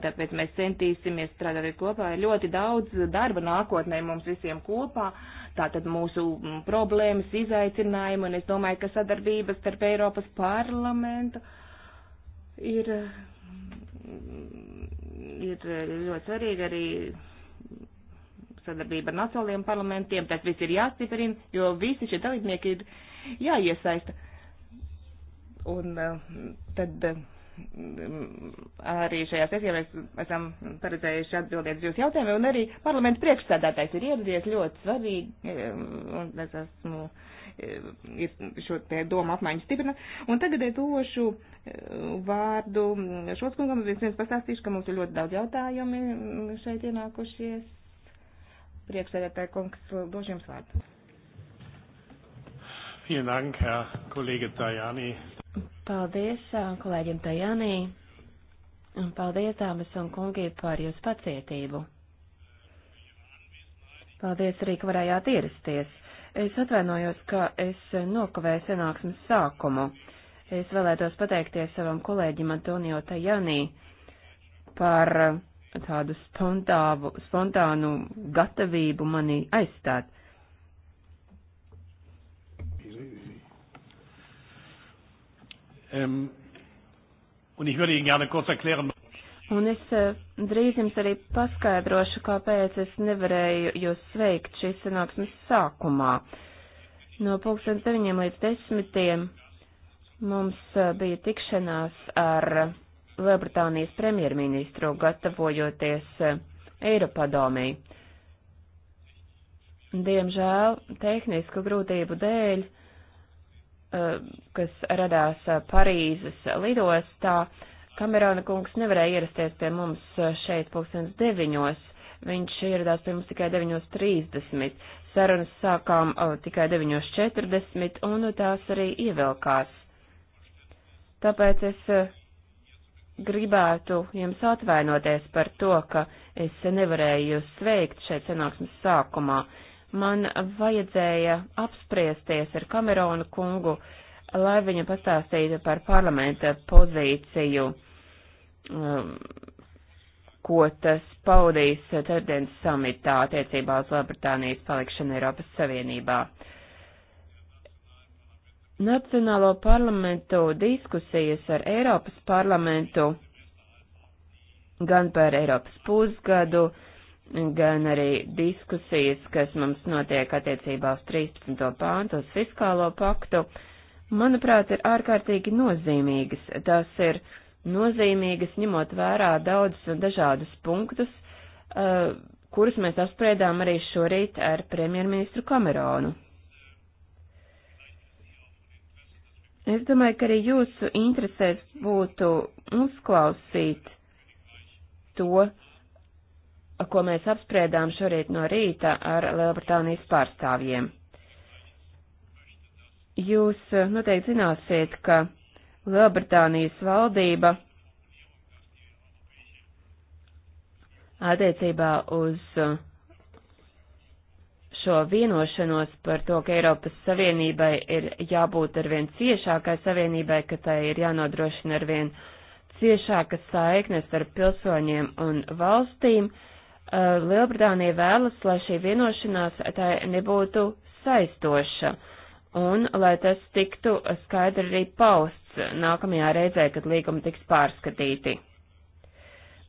Tāpēc mēs centīsimies strādāt arī kopā. Ir ļoti daudz darba nākotnē mums visiem kopā. Tātad mūsu problēmas, izaicinājumi, un es domāju, ka sadarbības starp Eiropas parlamentu uh, ir, ir ļoti svarīgi arī sadarbība ar nacionālajiem parlamentiem. Tas viss ir jāstiprina, jo visi šie dalībnieki ir jāiesaista. Un eh, tad eh, arī šajā sesijā mēs esam paredzējuši atbildēt uz jūsu jautājumiem, un arī parlamenta priekšsēdētājs ir ieradies ļoti svarīgi, eh, un es esmu. Nu, ir šo te domu apmaiņu stiprina. Un tagad es došu eh, vārdu mm, Šockungam. Es jums pastāstīšu, ka mums ir ļoti daudz jautājumi mm, šeit ienākušies. Priekšsēdētāji kungs, došu jums vārdu. Dank, kolēģi Tajānī. Paldies eh, kolēģim Tajānī. Un paldies, dāmas un kungi, par jūsu pacietību. Paldies arī, ka varējāt ierasties. Es atvainojos, ka es nokavēju sanāksmes sākumu. Es vēlētos pateikties savam kolēģim Antonio Tajanī par tādu spontāvu, spontānu gatavību mani aizstāt. Um, ähm, un ich würde Ihnen gerne kurz erklären. Un es eh, drīz jums arī paskaidrošu, kāpēc es nevarēju jūs sveikt šīs sanāksmes sākumā. No pulkstens 9 līdz 10 mums eh, bija tikšanās ar Lielbritānijas premjerministru, gatavojoties eh, Eiropadomī. Diemžēl tehnisku grūtību dēļ, kas radās Parīzes lidostā, Kamerona kungs nevarēja ierasties pie mums e, šeit pulkstens deviņos. Viņš ieradās pie mums tikai 9.30. Sarunas sākām o, e, tikai 9.40 un tās arī ievilkās. Tāpēc es e, gribētu jums atvainoties par to, ka es nevarēju jūs sveikt šeit sanāksmes sākumā. Man vajadzēja apspriesties ar Kameronu kungu, lai viņa pastāstītu par parlamenta pozīciju um, ko tas paudīs Tardens samitā attiecībā uz Lielbritānijas palikšanu Eiropas Savienībā. Nacionālo parlamentu diskusijas ar Eiropas parlamentu gan par Eiropas pusgadu, gan arī diskusijas, kas mums notiek attiecībā uz 13. pāntu, uz fiskālo paktu, manuprāt, ir ārkārtīgi nozīmīgas. Tas ir uh, nozīmīgas, ņemot vērā daudzus un dažādus punktus, uh, kurus mēs apspriedām arī šorīt ar premjerministru Kameronu. Es domāju, ka arī jūsu interesēs būtu uzklausīt to, ko mēs apspriedām šorīt no rīta ar Lielbritānijas pārstāvjiem. Jūs uh, noteikti zināsiet, ka Lielbritānijas valdība attiecībā uz uh, šo vienošanos par to, ka Eiropas Savienībai ir jābūt arvien ciešākai savienībai, ka tai ir jānodrošina arvien ciešākas saiknes ar pilsoņiem un valstīm. Uh, Lielbritānija vēlas, lai šī vienošanās tai nebūtu saistoša un lai tas tiktu skaidri arī paust nākamajā reizē, kad līgumi tiks pārskatīti.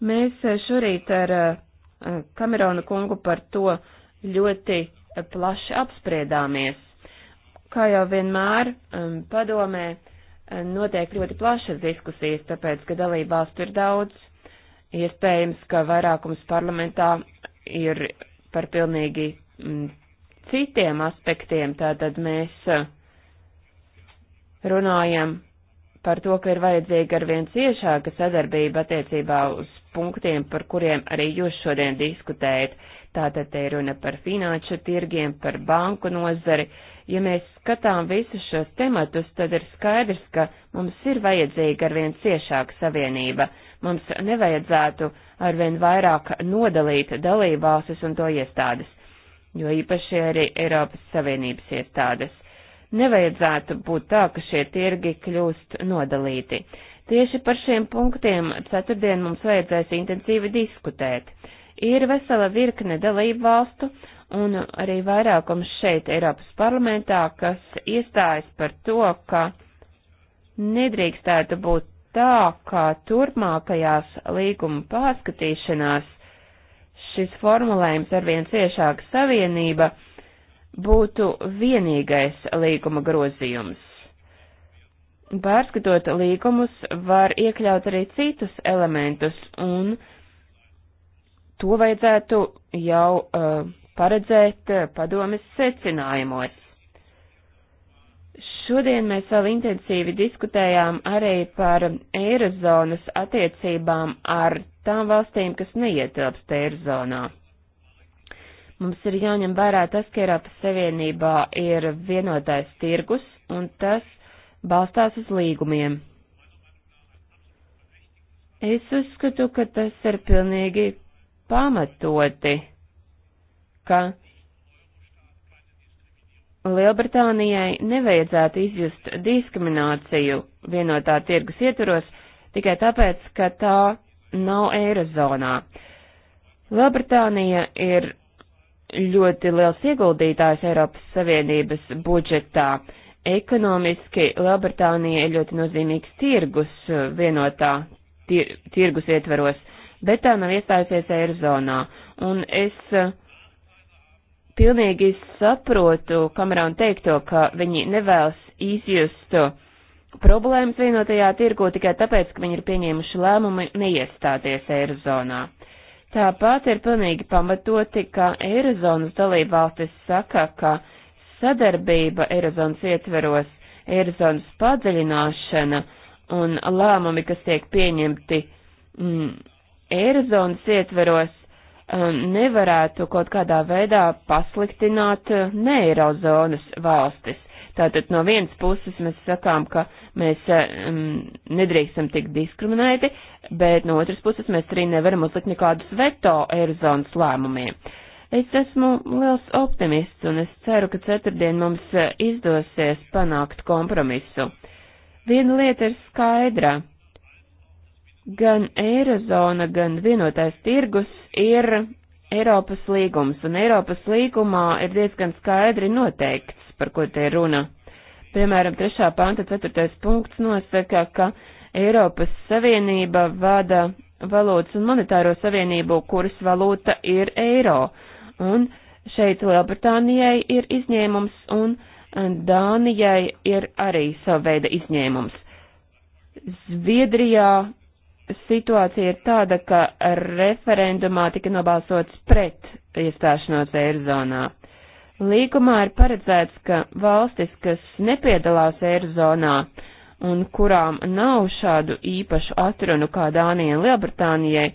Mēs šorīt ar eh, Kamerona kungu par to ļoti plaši apspriedāmies. Kā jau vienmēr um, padomē, eh, notiek ļoti plašas diskusijas, tāpēc, ka dalībvalstu ir daudz, iespējams, ka vairākums parlamentā ir par pilnīgi mm, citiem aspektiem, tātad mēs eh, runājam par to, ka ir vajadzīga arvien ciešāka sadarbība attiecībā uz punktiem, par kuriem arī jūs šodien diskutējat. Tātad te ir runa par finanšu tirgiem, par banku nozari. Ja mēs skatām visus šos tematus, tad ir skaidrs, ka mums ir vajadzīga arvien ciešāka savienība. Mums nevajadzētu arvien vairāk nodalīt dalībvalstis un to iestādes, jo īpaši arī Eiropas Savienības iestādes Nevajadzētu būt tā, ka šie tirgi kļūst nodalīti. Tieši par šiem punktiem ceturtdien mums vajadzēs intensīvi diskutēt. Ir vesela virkne dalību valstu un arī vairākums šeit Eiropas parlamentā, kas iestājas par to, ka nedrīkstētu būt tā, ka turpmākajās līguma pārskatīšanās šis formulējums ar vien ciešāka savienība būtu vienīgais līguma grozījums. Pārskatot līgumus, var iekļaut arī citus elementus, un to vajadzētu jau uh, paredzēt eh, padomes secinājumos. Šodien mēs vēl intensīvi diskutējām arī par eirozonas attiecībām ar tām valstīm, kas neietilpst eirozonā. Mums ir jāņem vērā tas, ka Eiropas Savienībā ir vienotais tirgus, un tas balstās uz līgumiem. Es uzskatu, ka tas ir pilnīgi pamatoti, ka Lielbritānijai nevajadzētu izjust diskrimināciju vienotā tirgus ietvaros tikai tāpēc, ka tā nav eirozonā. Lielbritānija ir ļoti liels ieguldītājs Eiropas Savienības budžetā. Ekonomiski Lielbritānija ir ļoti nozīmīgs tirgus eh, vienotā tir, tirgus ietveros, bet tā nav iestājusies Eirozonā. Un es eh, pilnīgi saprotu Kamerānu teikto, ka viņi nevēlas izjust problēmas vienotajā tirgu tikai tāpēc, ka viņi ir pieņēmuši lēmumu neiestāties Eirozonā. Tāpat ir pilnīgi pamatoti, ka Eirozonas dalībvalstis saka, ka sadarbība Eirozonas ietveros, Eirozonas padziļināšana un lēmumi, kas tiek pieņemti mm, Eirozonas ietveros, mm, nevarētu kaut kādā veidā pasliktināt mm, neirozonas valstis. Tātad no vienas puses mēs sakām, ka mēs um, nedrīkstam tikt diskriminēti, bet no otras puses mēs arī nevaram uzlikt nekādus veto Eirozonas lēmumiem. Es esmu liels optimists un es ceru, ka ceturtdien mums eh, izdosies panākt kompromisu. Viena lieta ir skaidra. Gan Eirozona, gan vienotais tirgus ir Eiropas līgums, un Eiropas līgumā ir diezgan skaidri noteikts, par ko te ir runa. Piemēram, 3. panta 4. punkts nosaka, ka Eiropas Savienība vada valūtas un monetāro savienību, kuras valūta ir eiro. Un šeit Lielbritānijai ir izņēmums un Dānijai ir arī sava veida izņēmums. Zviedrijā situācija ir tāda, ka referendumā tika nobalsots pret iestāšanos Eirozonā. Līgumā ir paredzēts, ka valstis, kas nepiedalās Eirozonā un kurām nav šādu īpašu atrunu kā Dānijai un Lielbritānijai,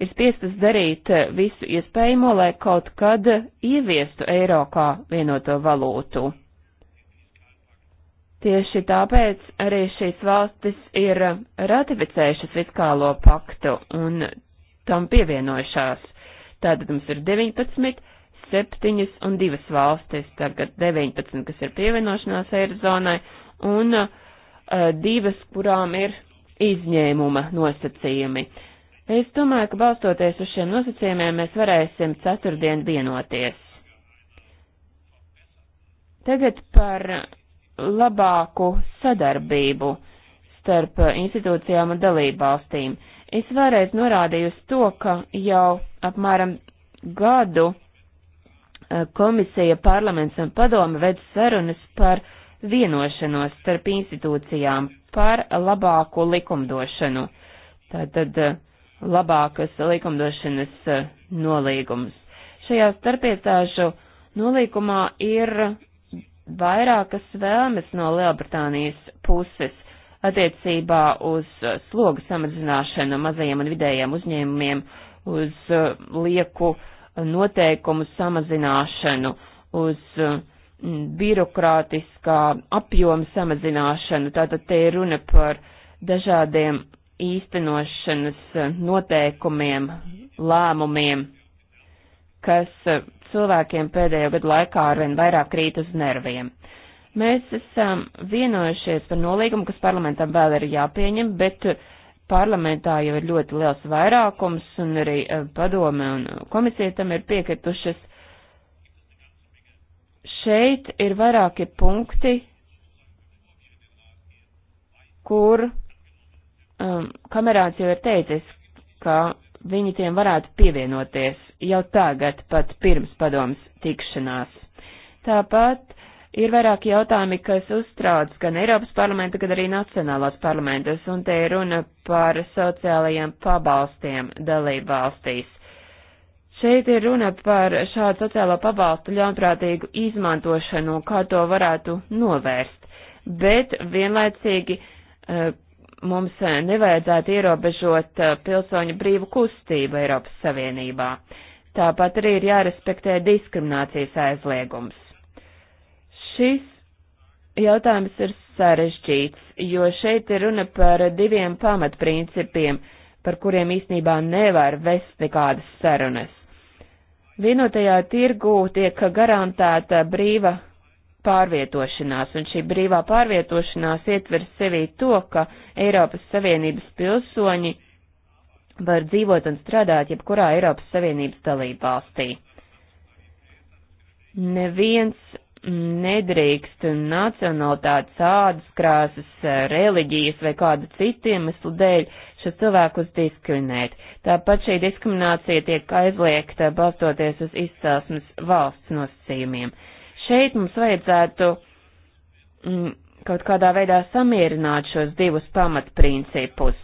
ir spiestas darīt eh, visu iespējamo, lai kaut kad ieviestu eiro kā vienoto valūtu. Tieši tāpēc arī šīs valstis ir ratificējušas fiskālo paktu un tam pievienojušās. Tātad mums ir 19 septiņas un divas valstis, tagad 19, kas ir pievienošanās Eirozonai, un uh, divas, kurām ir izņēmuma nosacījumi. Es domāju, ka balstoties uz šiem nosacījumiem mēs varēsim ceturtdien vienoties. Tagad par labāku sadarbību starp institūcijām un dalībvalstīm. Es vēlreiz norādīju uz to, ka jau apmēram gadu Eh, komisija, parlaments un padome ved sarunas par vienošanos starp institūcijām par labāku likumdošanu. Tātad eh, labākas likumdošanas eh, nolīgums. Šajā starpiestāžu nolīgumā ir vairākas vēlmes no Lielbritānijas puses attiecībā uz slogu samazināšanu mazajiem un vidējiem uzņēmumiem, uz lieku uh, noteikumu samazināšanu, uz birokrātiskā apjoma samazināšanu. Tātad te ir runa par dažādiem īstenošanas noteikumiem, lēmumiem, kas cilvēkiem pēdējo gadu laikā arvien vairāk krīt uz nerviem. Mēs esam vienojušies par nolīgumu, kas parlamentam vēl ir jāpieņem, bet uh, parlamentā jau ir ļoti liels vairākums, un arī e, padome un komisija tam ir piekritušas. Šeit ir vairāki punkti, kur um, kamerāts jau ir teicis, ka viņi tiem varētu pievienoties jau tagad, pat pirms padomas tikšanās. Tāpat Ir vairāki jautājumi, kas uzstrādes gan Eiropas parlamenta, gan arī nacionālās parlamentas, un te ir runa par sociālajiem pabalstiem dalību valstīs. Šeit ir runa par šādu sociālo pabalstu ļaunprātīgu izmantošanu, kā to varētu novērst, bet vienlaicīgi eh, mums nevajadzētu ierobežot eh, pilsoņu brīvu kustību Eiropas Savienībā. Tāpat arī ir jārespektē diskriminācijas aizliegums. Šis jautājums ir sarežģīts, jo šeit ir runa par diviem pamatprincipiem, par kuriem īsnībā nevar vest nekādas sarunas. Vienotajā tirgū tiek garantēta brīva pārvietošanās, un šī brīvā pārvietošanās ietver sevī to, ka Eiropas Savienības pilsoņi var dzīvot un strādāt jebkurā Eiropas Savienības dalībvalstī. Neviens nedrīkst nacionalitātes, ādas krāsas, eh, reliģijas vai kādu citu iemeslu dēļ šo cilvēkus diskriminēt. Tāpat šī diskriminācija tiek aizliegta balstoties uz izcelsmes valsts nosacījumiem. Šeit mums vajadzētu mm, kaut kādā veidā samierināt šos divus pamatprincipus.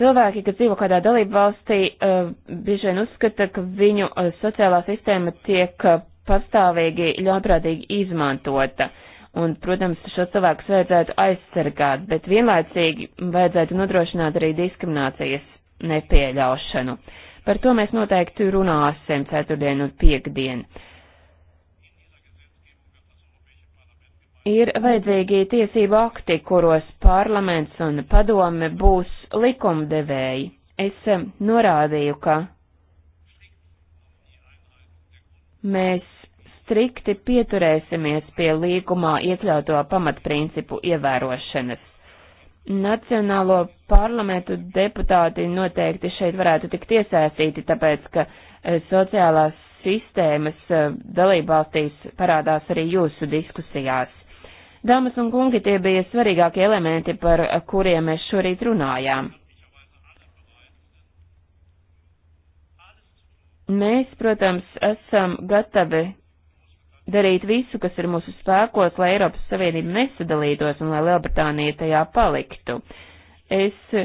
Cilvēki, kas dzīvo kādā dalību valstī, eh, bieži vien uzskata, ka viņu eh, sociālā sistēma tiek pastāvīgi ļaunprātīgi izmantota. Un, protams, šo cilvēku vajadzētu aizsargāt, bet vienlaicīgi vajadzētu nodrošināt arī diskriminācijas nepieļaušanu. Par to mēs noteikti runāsim ceturtdien un piekdien. Ir vajadzīgi tiesību akti, kuros parlaments un padome būs likumdevēji. Es um, norādīju, ka mēs strikti pieturēsimies pie līgumā iekļauto pamatprincipu ievērošanas. Nacionālo parlamentu deputāti noteikti šeit varētu tikt iesaistīti, tāpēc, ka eh, sociālās sistēmas eh, dalībvalstīs parādās arī jūsu diskusijās. Dāmas un kungi, tie bija svarīgākie elementi, par eh, kuriem mēs šorīt runājām. Mēs, protams, esam gatavi darīt visu, kas ir mūsu spēkos, lai Eiropas Savienība nesadalītos un lai Lielbritānija tajā paliktu. Es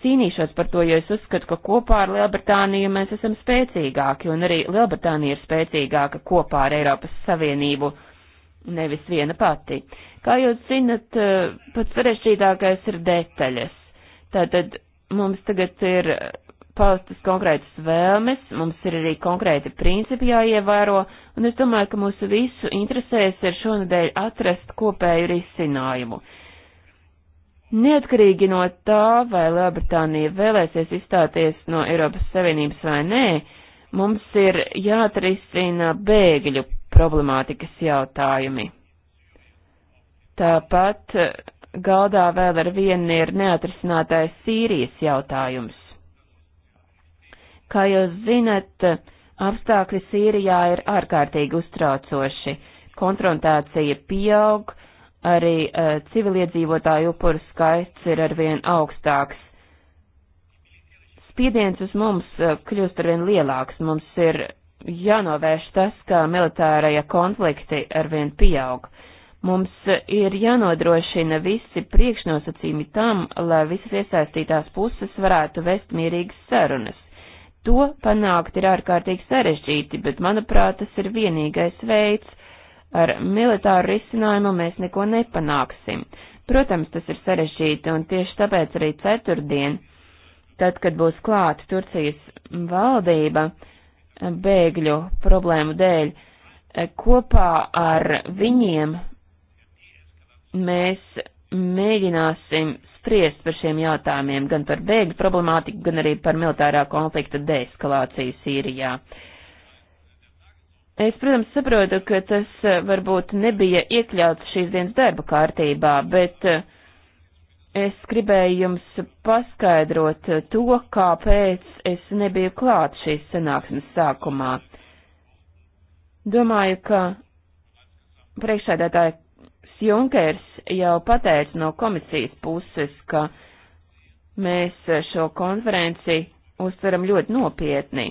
cīnīšos par to, jo es uzskatu, ka kopā ar Lielbritāniju mēs esam spēcīgāki, un arī Lielbritānija ir spēcīgāka kopā ar Eiropas Savienību, nevis viena pati. Kā jūs zinat, pats sarežģītākais ir detaļas. Tātad mums tagad ir paustas konkrētas vēlmes, mums ir arī konkrēti principi jāievēro, un es domāju, ka mūsu visu interesēs ir šonadēļ atrast kopēju risinājumu. Neatkarīgi no tā, vai Lielbritānija vēlēsies izstāties no Eiropas Savienības vai nē, mums ir jāatrisina bēgļu problemātikas jautājumi. Tāpat galdā vēl ar vienu ir neatrisinātais Sīrijas jautājums. Kā jūs zinat, apstākļi Sīrijā ir ārkārtīgi uztraucoši. Konfrontācija pieaug, arī uh, civiliedzīvotāju upuru skaits ir arvien augstāks. Spiediens uz mums uh, kļūst arvien lielāks. Mums ir jānovērš tas, ka militārajā konflikti arvien pieaug. Mums ir jānodrošina visi priekšnosacījumi tam, lai visas iesaistītās puses varētu vest mierīgas sarunas. To panākt ir ārkārtīgi sarežģīti, bet, manuprāt, tas ir vienīgais veids. Ar militāru risinājumu mēs neko nepanāksim. Protams, tas ir sarežģīti, un tieši tāpēc arī ceturtdien, tad, kad būs klāta Turcijas valdība bēgļu problēmu dēļ, kopā ar viņiem mēs mēģināsim spriest par šiem jautājumiem, gan par bēgļu problemātiku, gan arī par militārā konflikta deeskalāciju Sīrijā. Es, protams, saprotu, ka tas eh, varbūt nebija iekļauts šīs dienas darba kārtībā, bet eh, es gribēju jums paskaidrot eh, to, kāpēc es nebiju klāt šīs sanāksmes sākumā. Domāju, ka priekšsēdētāja Junkers jau pateica no komisijas puses, ka mēs šo konferenci uztveram ļoti nopietni.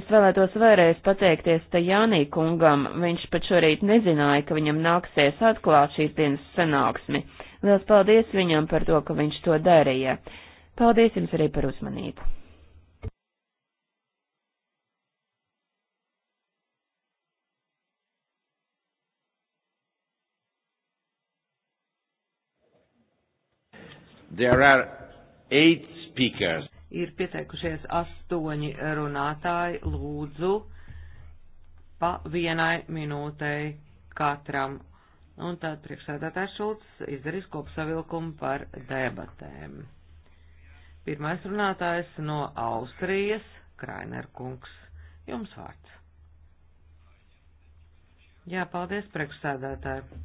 Es vēlētos vēlreiz pateikties te Jānī kungam, viņš pat šorīt nezināja, ka viņam nāksies atklāt šīs dienas sanāksmi. Liels paldies viņam par to, ka viņš to darīja. Paldies jums arī par uzmanību! There are eight speakers. Ir pieteikušies astoņi runātāji, lūdzu, pa vienai minūtei katram. Un tad priekšsēdētājs Šulcs izdarīs kopsavilkumu par debatēm. Pirmais runātājs no Austrijas, Krainer kungs. Jums vārds. Jā, paldies, priekšsēdētāji.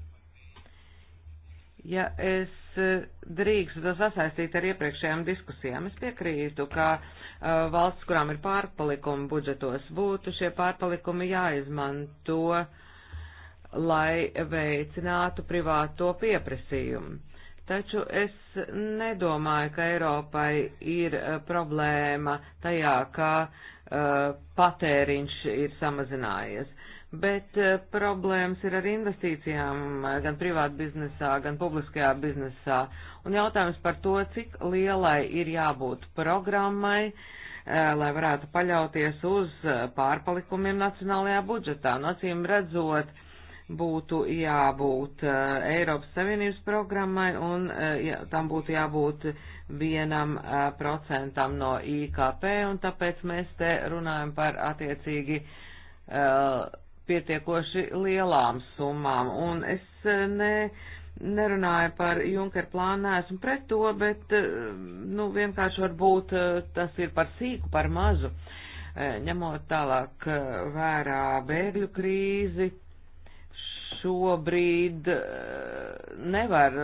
Ja es eh, drīkstu to sasaistīt ar iepriekšējām diskusijām, es piekrītu, ka uh, valsts, kurām ir pārpalikumi budžetos, būtu šie pārpalikumi jāizmanto, lai veicinātu privāto pieprasījumu. Taču es nedomāju, ka Eiropai ir uh, problēma tajā, ka uh, patēriņš ir samazinājies bet eh, problēmas ir ar investīcijām eh, gan privātu biznesā, gan publiskajā biznesā. Un jautājums par to, cik lielai ir jābūt programmai, eh, lai varētu paļauties uz pārpalikumiem nacionālajā budžetā. Nocīm redzot, būtu jābūt Eiropas Savienības programmai un tam būtu jābūt vienam procentam no IKP, un tāpēc mēs te runājam par attiecīgi uh, pietiekoši lielām summām. Un es e, ne, nerunāju par Junker plānu, neesmu pret to, bet e, nu, vienkārši varbūt e, tas ir par sīku, par mazu. Ņemot tālāk vērā bēgļu krīzi, šobrīd nevar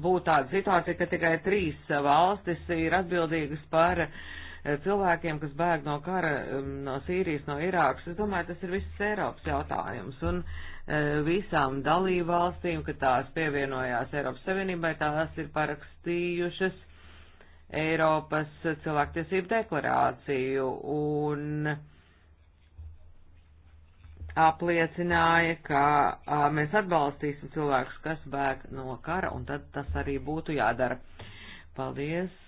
būt tāda situācija, ka tikai trīs valstis ir atbildīgas par uh, Eh, cilvēkiem, kas bēg no kara, no Sīrijas, no Irākas. Es domāju, tas ir viss Eiropas jautājums. Un eh, visām dalībvalstīm, ka tās pievienojās Eiropas Savienībai, tās ir parakstījušas Eiropas cilvēktiesību deklarāciju un apliecināja, ka a, mēs atbalstīsim cilvēkus, kas bēg no kara, un tad tas arī būtu jādara. Paldies!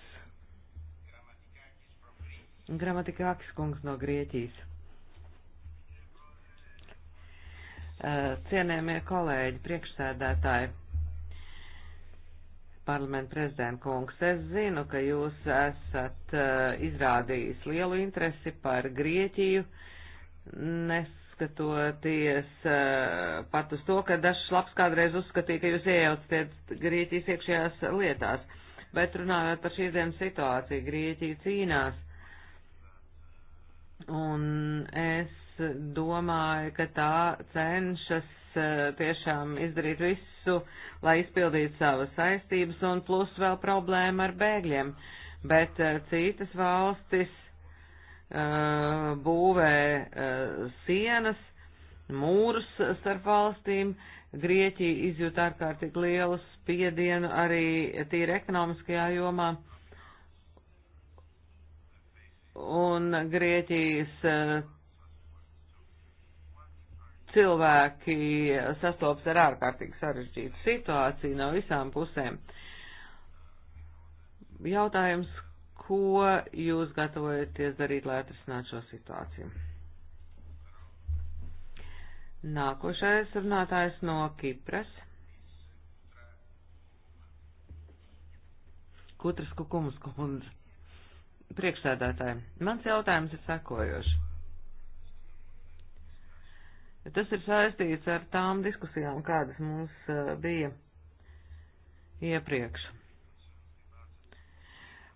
Gramatika Akskungs no Grieķijas. Cienējamie kolēģi, priekšsēdētāji, parlamenta prezidenta kungs, es zinu, ka jūs esat izrādījis lielu interesi par Grieķiju, neskatoties pat uz to, ka dažs labs kādreiz uzskatīja, ka jūs iejaucaties Grieķijas iekšējās lietās. Bet runājot par šīs dienas situāciju, Grieķija cīnās Un es domāju, ka tā cenšas eh, tiešām izdarīt visu, lai izpildītu savas saistības, un plus vēl problēma ar bēgļiem. Bet eh, citas valstis uh, būvē uh, sienas, mūrus starp valstīm. Grieķija izjūt ārkārtīgi lielu spiedienu arī tīri ekonomiskajā jomā. Uh, un Grieķijas eh, cilvēki sastopas ar ārkārtīgi sarežģītu situāciju no visām pusēm. Jautājums, ko jūs gatavojaties darīt, lai atrisinātu šo situāciju? Nākošais runātājs no Kipras. Kutras Kukumas kundze priekšsēdētāji, mans jautājums ir sekojošs. Tas ir saistīts ar tām diskusijām, kādas mums eh, bija iepriekš.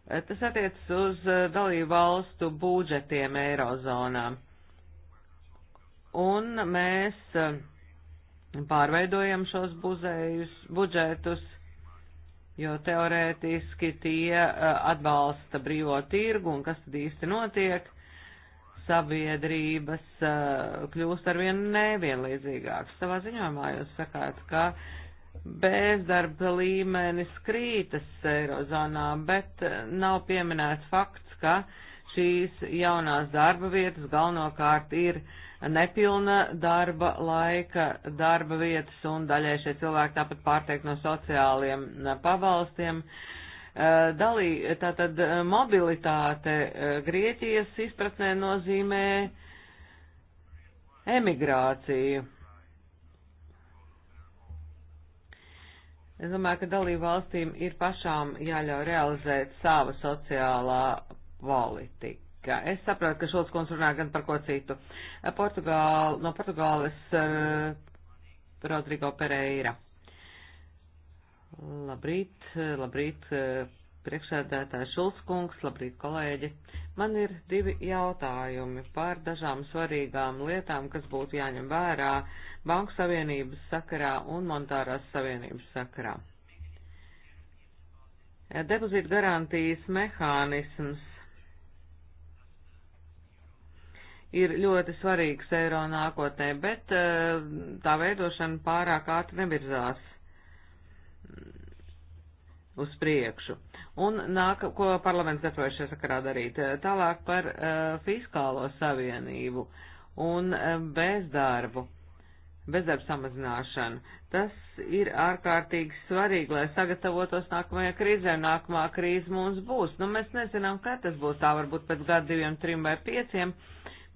Eh, tas attiecas uz eh, dalību valstu budžetiem Eirozonā. Un mēs pārveidojam šos buzējus, budžetus jo teorētiski tie e, atbalsta brīvo tirgu un kas tad īsti notiek, sabiedrības e, kļūst arvien nevienlīdzīgāks. Savā ziņojumā jūs sakāt, ka bezdarba līmenis krītas Eirozonā, bet e, nav pieminēts fakts, ka šīs jaunās darba vietas galvenokārt ir uh, nepilna darba laika darba vietas un daļai šie cilvēki tāpat pārtiek no sociāliem pabalstiem. Eh, dalī, tātad eh, mobilitāte eh, Grieķijas izpratnē nozīmē emigrāciju. Es domāju, ka dalību valstīm ir pašām jāļauj realizēt savu sociālā politiku. Jā, es saprotu, ka Šulc kungs runā gan par ko citu. Portugāl, no Portugāles uh, Rodrigo Pereira. Labrīt, eh, labrīt, uh, eh, priekšsēdētājs Šulc kungs, labrīt, kolēģi. Man ir divi jautājumi par dažām svarīgām lietām, kas būtu jāņem vērā Banku Savienības sakarā un Monetārās Savienības sakarā. Depozīta garantijas mehānisms ir ļoti svarīgs eiro nākotnē, bet eh, tā veidošana pārāk ātri nevirzās uz priekšu. Un nāk, ko parlaments gatavojas šajā sakarā darīt? Tālāk par uh, fiskālo savienību un eh, bezdarbu, bezdarbu samazināšanu. Tas ir ārkārtīgi svarīgi, lai sagatavotos nākamajā krīzē. Nākamā krīze mums būs. Nu, mēs nezinām, kad tas būs. Tā varbūt pēc gadu, diviem, trim vai pieciem. Uh,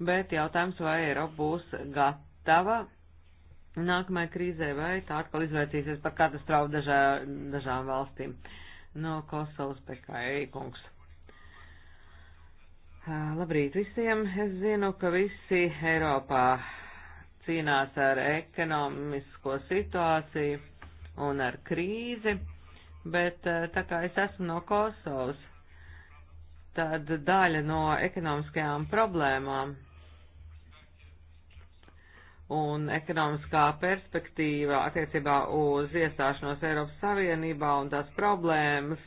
bet jautājums, vai Eiropa būs gatava nākamajai krīzē, vai tā atkal izvērtīsies par katastrofu dažā, dažām valstīm. No Kosovas PKE kungs. Labrīt visiem! Es zinu, ka visi Eiropā cīnās ar ekonomisko situāciju un ar krīzi, bet tā kā es esmu no Kosovas, tad daļa no ekonomiskajām problēmām un ekonomiskā perspektīva attiecībā uz iestāšanos Eiropas Savienībā un tās problēmas,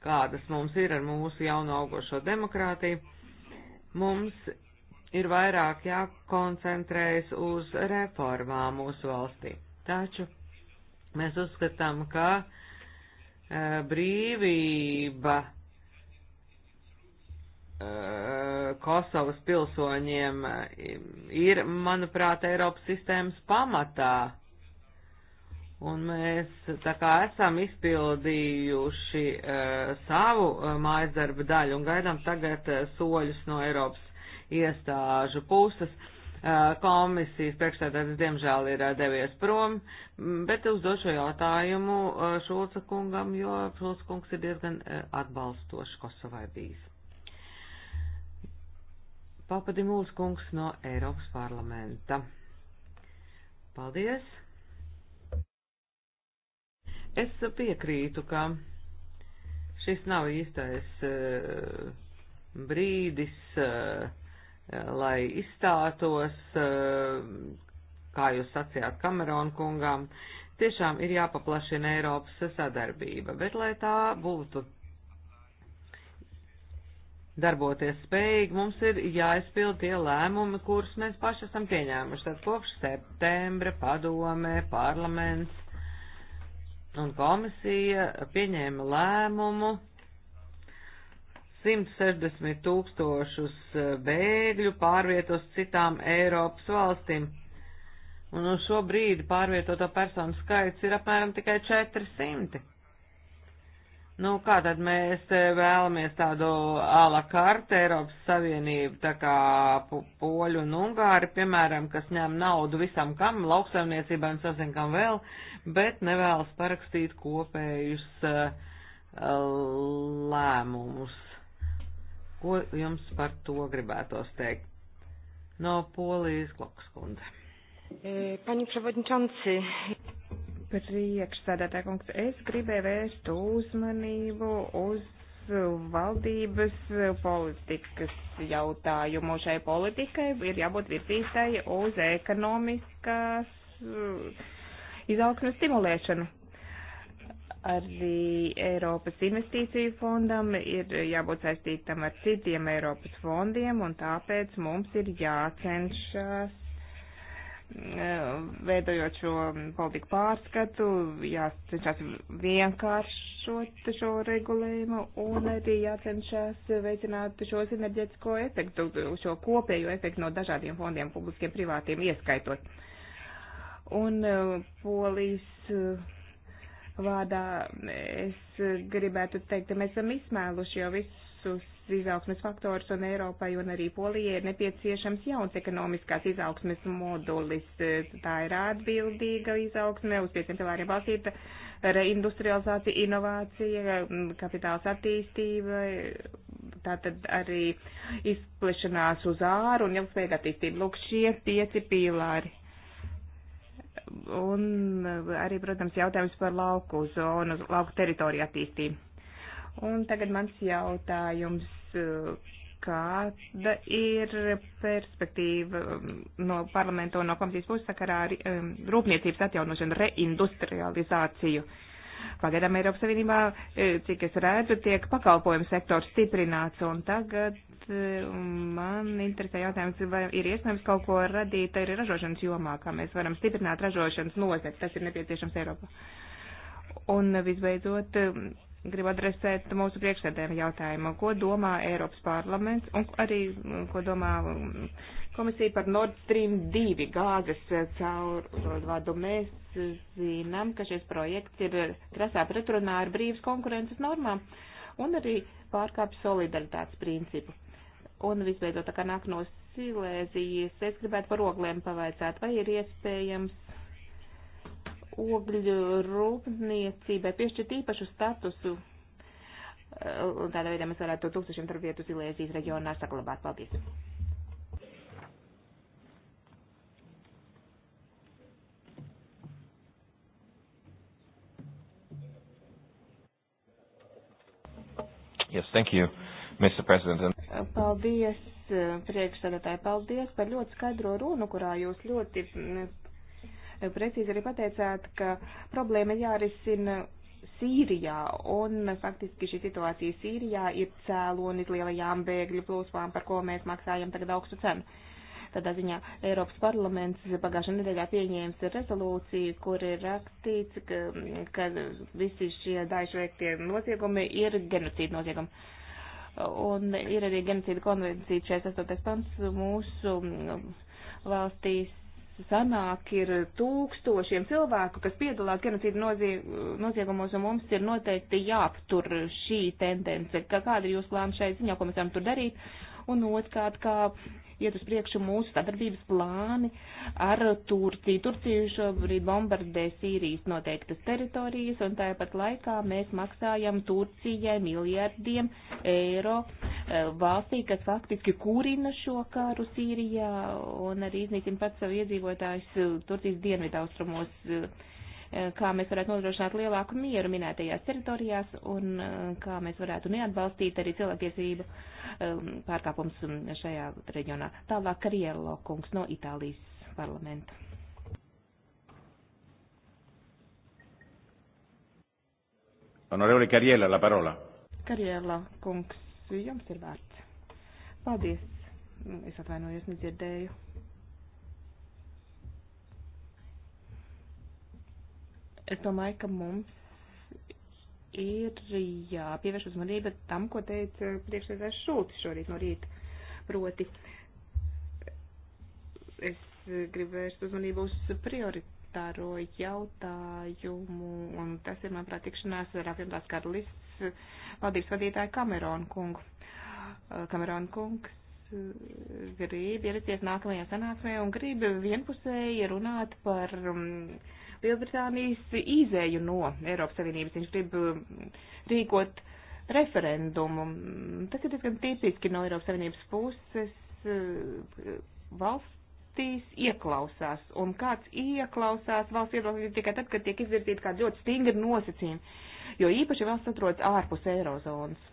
kādas mums ir ar mūsu jauno augošo demokrātiju, mums ir vairāk jākoncentrējas uz reformām mūsu valstī. Taču mēs uzskatām, ka eh, brīvība Eh, Kosovas pilsoņiem eh, ir, manuprāt, Eiropas sistēmas pamatā. Un mēs tā kā esam izpildījuši uh, savu uh, mājas darba daļu un gaidām tagad uh, soļus no Eiropas iestāžu puses. Uh, komisijas priekšstādātājs diemžēl ir uh, devies prom, bet uzdošu jautājumu uh, Šulca kungam, jo Šulca kungs ir diezgan uh, atbalstošs Kosovai bijis. Papadimuls kungs no Eiropas parlamenta. Paldies! Es piekrītu, ka šis nav īstais uh, brīdis, uh, lai izstātos, uh, kā jūs sacījāt Kamerona kungām, tiešām ir jāpaplašina Eiropas sadarbība, bet lai tā būtu darboties spējīgi, mums ir jāizpild tie lēmumi, kurus mēs paši esam pieņēmuši. Tad kopš septembra padomē, parlaments un komisija pieņēma lēmumu 160 tūkstošus bēgļu pārvietos citām Eiropas valstīm. Un uz šo brīdi pārvietoto personu skaits ir apmēram tikai 400. Nu, kā tad mēs eh, vēlamies tādu ala kartu Eiropas Savienību, tā kā poļu un ungāri, piemēram, kas ņem naudu visam kam, lauksaimniecībā un sazin kam vēl, bet nevēlas parakstīt kopējus uh, lēmumus. Ko jums par to gribētos teikt? No Polijas Klokas kundze. Eh, pani Przewodniczący. Priekšsēdētāj kungs, es gribēju vērst uzmanību uz valdības politikas jautājumu. Šai politikai ir jābūt virzītai uz ekonomiskās uh, izaugsmes stimulēšanu. Arī Eiropas investīciju fondam ir jābūt saistītam ar citiem Eiropas fondiem, un tāpēc mums ir jācenšas veidojot šo politiku pārskatu, jācenšas vienkāršot šo regulējumu un arī jācenšas veicināt šo sinerģetisko efektu, šo kopējo efektu no dažādiem fondiem, publiskiem, privātiem ieskaitot. Un e, polijas e, vārdā es gribētu teikt, ka mēs esam izsmēluši jau visus izaugsmes faktors, un Eiropai un arī Polijai ir nepieciešams jauns ekonomiskās izaugsmes modulis. Tā ir atbildīga izaugsme, uz pieciem pilāriem balstīta reindustrializācija, inovācija, kapitāls attīstība, tātad arī izplešanās uz āru un ilgspējīga attīstība. Lūk, šie pieci pīlāri. Un arī, protams, jautājums par lauku zonu, lauku teritoriju attīstību. Un tagad mans jautājums, kāda ir perspektīva um, no parlamenta un no komisijas puses sakarā ar um, rūpniecības atjaunošanu, reindustrializāciju? Pagaidām Eiropas Savienībā, eh, cik es redzu, tiek pakalpojumu sektors stiprināts, un tagad eh, man interesē jautājums, vai ir iespējams kaut ko radīt arī ražošanas jomā, kā mēs varam stiprināt ražošanas nozari, tas ir nepieciešams Eiropā. Un visbeidzot, eh, gribu adresēt mūsu priekšsēdēm jautājumu, ko domā Eiropas parlaments un arī mm, ko domā mm, komisija par Nord Stream 2 gāzes caurvadu. Mēs zinām, ka šis projekts ir krasā pretrunā ar brīvas konkurences normām un arī pārkāp solidaritātes principu. Un visbeidzot, tā kā nāk no Silēzijas, es gribētu par ogliem pavaicāt, vai ir iespējams ogļu rūpniecībai piešķirt īpašu statusu. Uh, un tādā veidā mēs varētu to tūkstošiem darbvietu Silēzijas reģionā saglabāt. Paldies! Yes, thank you, Mr. President. Uh, paldies, uh, priekšsēdētāji, paldies par ļoti skaidro runu, kurā jūs ļoti mm, precīzi arī pateicāt, ka problēma jārisina Sīrijā, un faktiski šī situācija Sīrijā ir cēlonis lielajām bēgļu plūsmām, par ko mēs maksājam tagad augstu cenu. Tādā ziņā Eiropas parlaments pagājušā nedēļā pieņēmis rezolūciju, kur ir rakstīts, ka, ka visi šie daži veiktie noziegumi ir genocīda noziegumi. Un ir arī genocīda konvencija 68. pants mūsu valstīs sanāk ir tūkstošiem cilvēku, kas piedalās genocīdu noziegumos, un mums ir noteikti jāaptur šī tendence. Kā, kāda ir jūsu plāna šai ziņā, ko mēs varam tur darīt? Un otrkārt, kā iet uz priekšu mūsu sadarbības plāni ar Turciju. Turciju šobrīd bombardē Sīrijas noteiktas teritorijas, un tāpat laikā mēs maksājam Turcijai miljardiem eiro eh, valstī, kas faktiski kurina šo karu Sīrijā un arī iznīcina pats savu iedzīvotājus Turcijas dienvidaustrumos. Eh, Eh, kā mēs varētu nodrošināt lielāku mieru minētajās teritorijās un eh, kā mēs varētu neatbalstīt arī cilvēktiesību eh, pārkāpums mm, šajā reģionā. Tālāk Kariello kungs no Itālijas parlamenta. Honorevole Kariela, la parola. Kariela kungs, jums ir vārds. Paldies. Es atvainojos, nedzirdēju. Es domāju, ka mums ir jāpievērš uzmanība tam, ko teica priekšsēdētājs Šulcis šorīt no rīta. Proti, es gribu vērst uzmanību uz prioritāro jautājumu, un tas ir, manuprāt, tikšanās ar apvienotās karalists valdības vadītāju Kameronu kungu. Kameronu kungs eh, grib ierasties nākamajā sanāksmē un grib vienpusēji runāt par. Um, Lielbritānijas izēju no Eiropas Savienības. Viņš grib mm, rīkot referendumu. Tas ir diezgan tipiski no Eiropas Savienības puses. Mm, valstīs ieklausās, un kāds ieklausās valsts ieklausās tikai tad, kad tiek izvirzīti kādi ļoti stingri nosacījumi, jo īpaši valsts atrodas ārpus eirozonas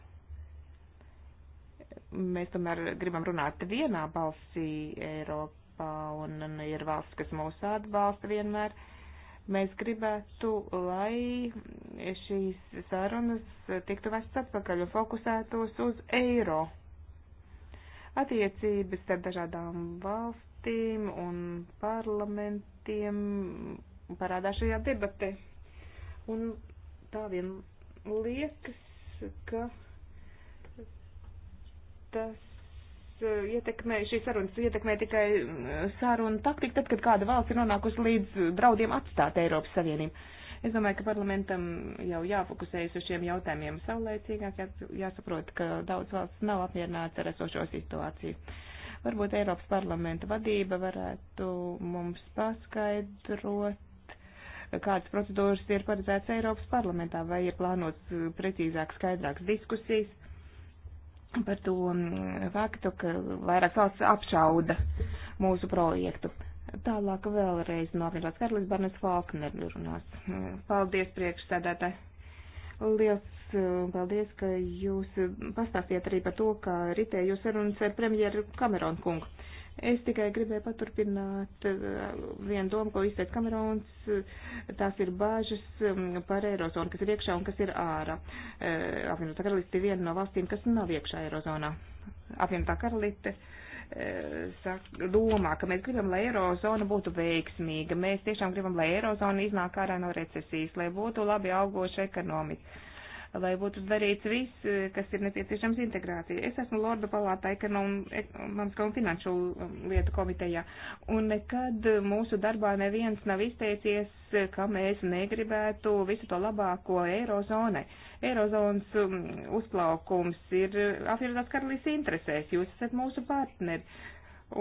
mēs tomēr gribam runāt vienā balsī Eiropā, un ir valsts, kas mūs atbalsta vienmēr. Mēs gribētu, lai šīs sarunas tiktu vēstas atpakaļ un fokusētos uz eiro. Attiecības starp dažādām valstīm un parlamentiem parādās šajā debatē. Un tā vien liekas, ka tas ietekmē, šīs sarunas ietekmē tikai mm, sarunu taktika, tad, kad kāda valsts ir nonākusi līdz draudiem atstāt Eiropas Savienību. Es domāju, ka parlamentam jau jāfokusējas uz šiem jautājumiem saulēcīgāk, jāsaprot, ka daudz valsts nav apmierināts ar esošo situāciju. Varbūt Eiropas parlamenta vadība varētu mums paskaidrot, kādas procedūras ir paredzētas Eiropas parlamentā, vai ir plānots precīzāk, skaidrāks diskusijas par to mm, faktu, ka vairākas valsts apšauda mūsu projektu. Tālāk vēlreiz no apvienotās karalīs Barnes Falkner runās. Paldies priekšsēdētāji. Liels eh, paldies, ka jūs eh, pastāstījāt arī par to, ka ritē jūs sarunas ar premjeru Kameronu kungu. Es tikai gribēju paturpināt eh, vienu domu, ko izteica Kamerons. Tās ir bāžas um, par Eirozonu, kas ir iekšā un kas ir ārā. Eh, apvienotā karaliste ir viena no valstīm, kas nav iekšā Eirozonā. Apvienotā karaliste eh, saka, domā, ka mēs gribam, lai Eirozona būtu veiksmīga. Mēs tiešām gribam, lai Eirozona iznāk ārā no recesijas, lai būtu labi augoša ekonomika lai būtu darīts viss, eh, kas ir nepieciešams integrācija. Es esmu Lorda palātā ekonomiskā un finanšu um, lietu komitejā, un nekad mūsu darbā neviens nav izteicies, ka mēs negribētu visu to labāko Eirozonai. Eirozonas um, uzplaukums ir Afrikas karalīs interesēs, jūs esat mūsu partneri.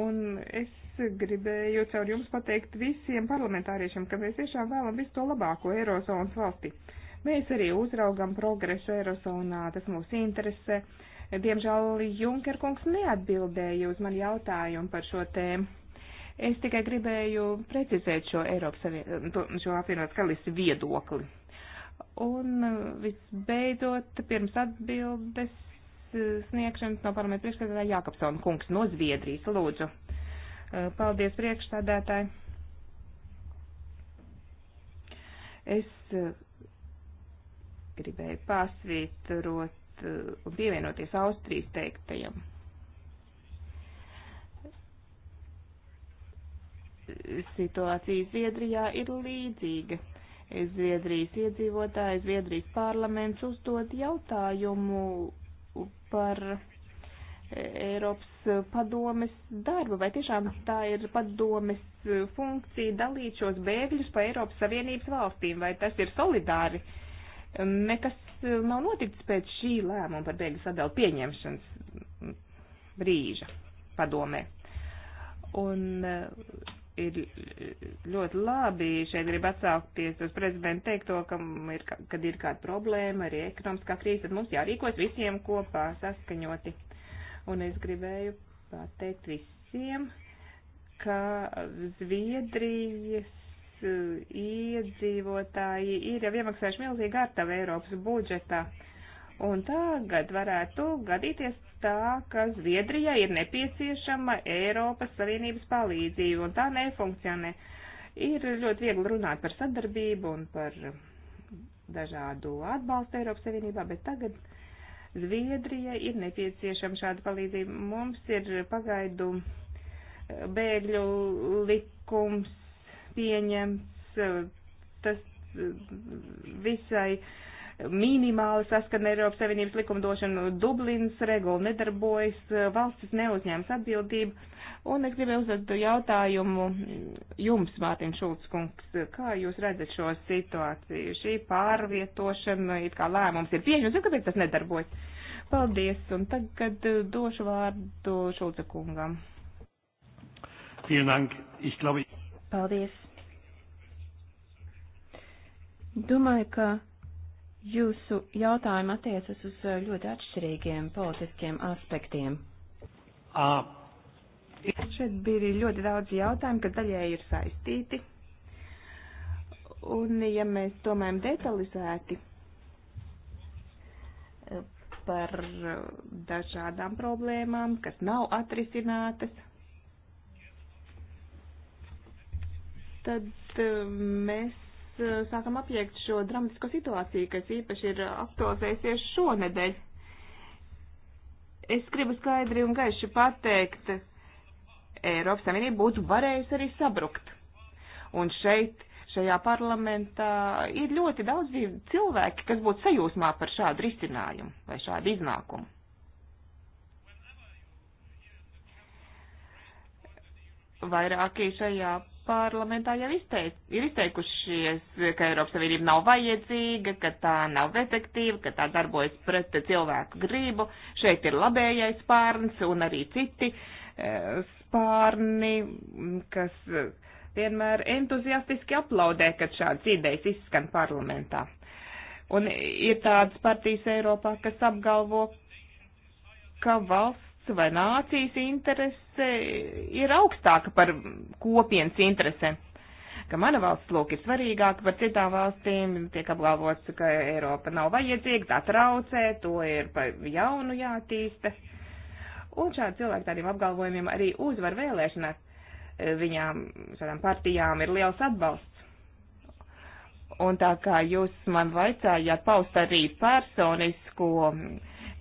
Un es gribēju caur jums pateikt visiem parlamentāriešiem, ka mēs tiešām vēlam visu to labāko Eirozonas valsti. Uh, Mēs arī uzraugam progresu Eirozonā, tas mūs interesē. Diemžēl Junker kungs neatbildēja uz mani jautājumu par šo tēmu. Es tikai gribēju precizēt šo Eiropas šo apvienot kalisti viedokli. Un visbeidzot, pirms atbildes sniegšanas no parlamenta priekšsēdētāja Jākapsona kungs no Zviedrijas. Lūdzu. Paldies priekšsēdētāji. Es gribēju pārsvītrot uh, un pievienoties Austrijas teiktajam. Situācija Zviedrijā ir līdzīga. Zviedrijas iedzīvotāji, Zviedrijas parlaments uzdod jautājumu par Eiropas padomes darbu, vai tiešām tā ir padomes funkcija dalīt šos bēgļus pa Eiropas Savienības valstīm, vai tas ir solidāri uh, Nekas eh, nav noticis pēc šī lēmuma par bēgļu sadalu pieņemšanas brīža padomē. Un eh, ir ļoti labi. Šeit grib atsaukties uz prezidentu teikto, ka ir, kad ir kāda problēma, arī ekonomiskā krīze, tad mums jārīkojas visiem kopā saskaņoti. Un es gribēju pateikt visiem, ka Zviedrijas iedzīvotāji ir jau iemaksājuši milzīgi gatavu Eiropas budžetā. Un tagad varētu gadīties tā, ka Zviedrijai ir nepieciešama Eiropas Savienības palīdzība, un tā nefunkcionē. Ir ļoti viegli runāt par sadarbību un par dažādu atbalstu Eiropas Savienībā, bet tagad Zviedrijai ir nepieciešama šāda palīdzība. Mums ir pagaidu bēgļu likums, pieņems eh, tas eh, visai minimāli saskana Eiropas Savienības likumdošanu, Dublins regula nedarbojas, eh, valstis neuzņēmas atbildību. Un es gribēju uzdot jautājumu jums, Mārtiņš Šulckungs, kā jūs redzat šo situāciju? Šī pārvietošana, it kā lēmums ir pieņemts, kāpēc tas nedarbojas? Paldies, un tagad došu vārdu Šulcekungam. Paldies. Domāju, ka jūsu jautājumi attiecas uz uh, ļoti atšķirīgiem politiskiem aspektiem. À. Šeit bija ļoti daudz jautājumu, kas daļēji ir saistīti. Un, ja mēs domājam detalizēti eh, par eh, dažādām problēmām, kas nav atrisinātas, tad eh, mēs Eh, sākam apliekt šo dramatisko situāciju, kas īpaši ir aktualizējusies šonedēļ. Es gribu skaidri un gaiši pateikt, Eiropas Savienība būtu varējusi arī sabrukt. Un šeit, šajā parlamentā, ir ļoti daudz cilvēki, kas būtu sajūsmā par šādu risinājumu vai šādu iznākumu. Vairākie šajā parlamentā jau izteic, ir izteikušies, ka Eiropas Savienība nav vajadzīga, ka tā nav efektīva, ka tā darbojas pret cilvēku gribu. Šeit ir labējais spārns un arī citi e, spārni, kas vienmēr entuziastiski aplaudē, kad šādas idejas izskan parlamentā. Un ir tādas partijas Eiropā, kas apgalvo, ka valsts valsts vai nācijas interese ir augstāka par kopienas interesēm. Ka mana valsts lūk ir svarīgāka par citām valstīm, tiek apgalvots, ka Eiropa nav vajadzīga, tā traucē, to ir pa jaunu jātīsta. Un šādi cilvēki tādiem apgalvojumiem arī uzvar vēlēšanās. Viņām, šādām partijām ir liels atbalsts. Un tā kā jūs man vaicājāt paust arī personisko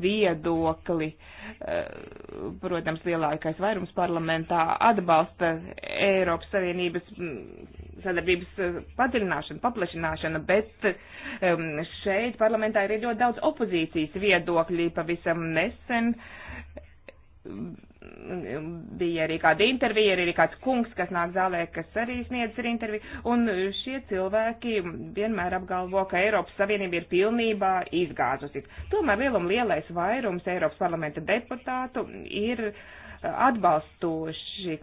viedokli. Eh, protams, lielākais vairums parlamentā atbalsta Eiropas Savienības mm, sadarbības eh, padziļināšanu, paplašināšanu, bet šeit parlamentā ir ļoti daudz opozīcijas viedokļi pavisam nesen bija arī kāda intervija, arī kāds kungs, kas nāk zālē, kas arī sniedz ar interviju, un šie cilvēki vienmēr apgalvo, ka Eiropas Savienība ir pilnībā izgāzusies. Tomēr lielam lielais vairums Eiropas parlamenta deputātu ir eh, atbalstoši.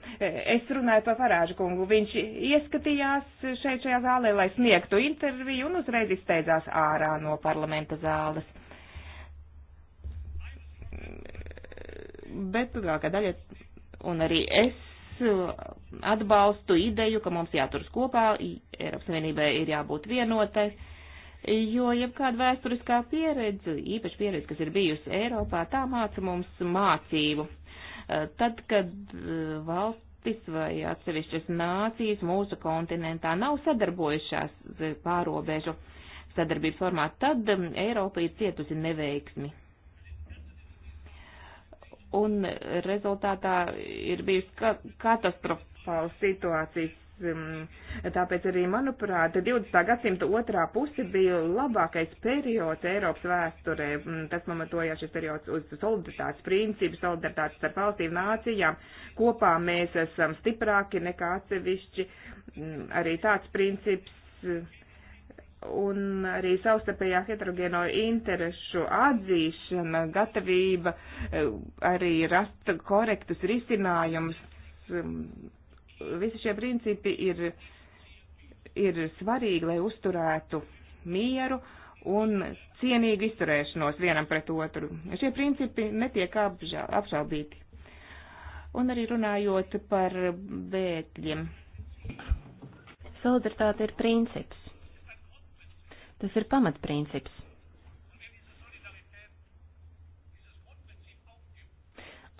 Es runāju par Farāžu kungu, viņš ieskatījās šeit šajā zālē, lai sniegtu interviju, un uzreiz izsteidzās ārā no parlamenta zāles. bet lielākā daļa, un arī es uh, atbalstu ideju, ka mums jāturas kopā, Eiropas Savienībai ir jābūt vienotai, jo jebkāda vēsturiskā pieredze, īpaši pieredze, kas ir bijusi Eiropā, tā māca mums mācību. Uh, tad, kad uh, valstis vai atsevišķas nācijas mūsu kontinentā nav sadarbojušās pārobežu sadarbības formā, tad um, Eiropa ir cietusi neveiksmi un rezultātā ir bijis ka katastrofāls situācijas. Um, tāpēc arī, manuprāt, 20. gadsimta otrā puse bija labākais periods Eiropas vēsturē. Um, tas pamatojās šis periods uz solidaritātes principu, solidaritātes starp valstīm nācijām. Kopā mēs esam stiprāki nekā atsevišķi. Um, arī tāds princips un arī savstarpējā heterogēno interešu atzīšana, gatavība eh, arī rast korektus risinājumus. Um, visi šie principi ir, ir svarīgi, lai uzturētu mieru un cienīgu izturēšanos vienam pret otru. Šie principi netiek apžā, apšaubīti. Un arī runājot par bēgļiem. Solidaritāte ir princips Tas ir pamatprincips.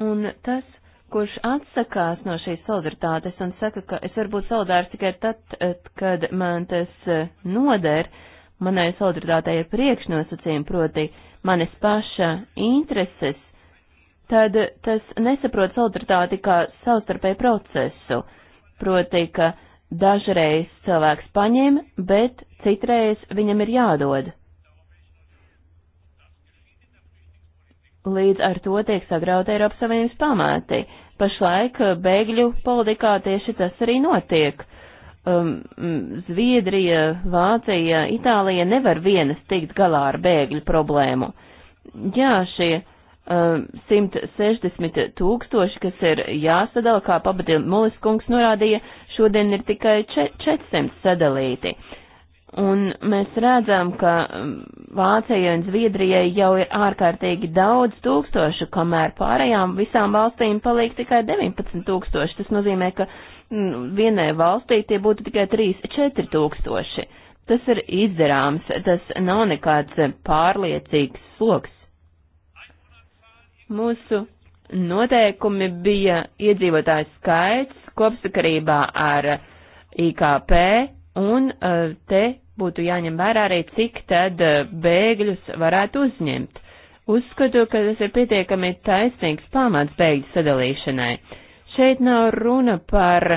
Un tas, kurš atsakās no šīs solidaritātes un saka, ka es varu būt solidārs tikai tad, eh, kad man tas eh, noder, manai solidaritātei ir priekšnosacījumi, proti manis paša intereses, tad tas nesaprot solidaritāti kā savstarpēju procesu, proti, ka Dažreiz cilvēks paņem, bet citreiz viņam ir jādod. Līdz ar to tiek sagrauta Eiropas Savienības pamāti. Pašlaik bēgļu politikā tieši tas arī notiek. Um, Zviedrija, Vācija, Itālija nevar vienas tikt galā ar bēgļu problēmu. Jā, šie 160 ehm, tūkstoši, kas ir jāsadala, kā pabadīja Muliskungs norādīja, šodien ir tikai 400 sadalīti. Un mēs redzam, ka ehm, Vācijai un Zviedrijai jau ir ārkārtīgi daudz tūkstošu, kamēr pārējām visām valstīm paliek tikai 19 tūkstoši. Tas nozīmē, ka vienai valstī tie būtu tikai 3-4 tūkstoši. Tas ir izdarāms, tas nav nekāds pārliecīgs sloks Mūsu noteikumi bija iedzīvotāju skaits kopsakarībā ar IKP, un eh, te būtu jāņem vērā arī, cik tad eh, bēgļus varētu uzņemt. Uzskatu, ka tas ir pietiekami taisnīgs pamats bēgļu sadalīšanai. Šeit nav runa par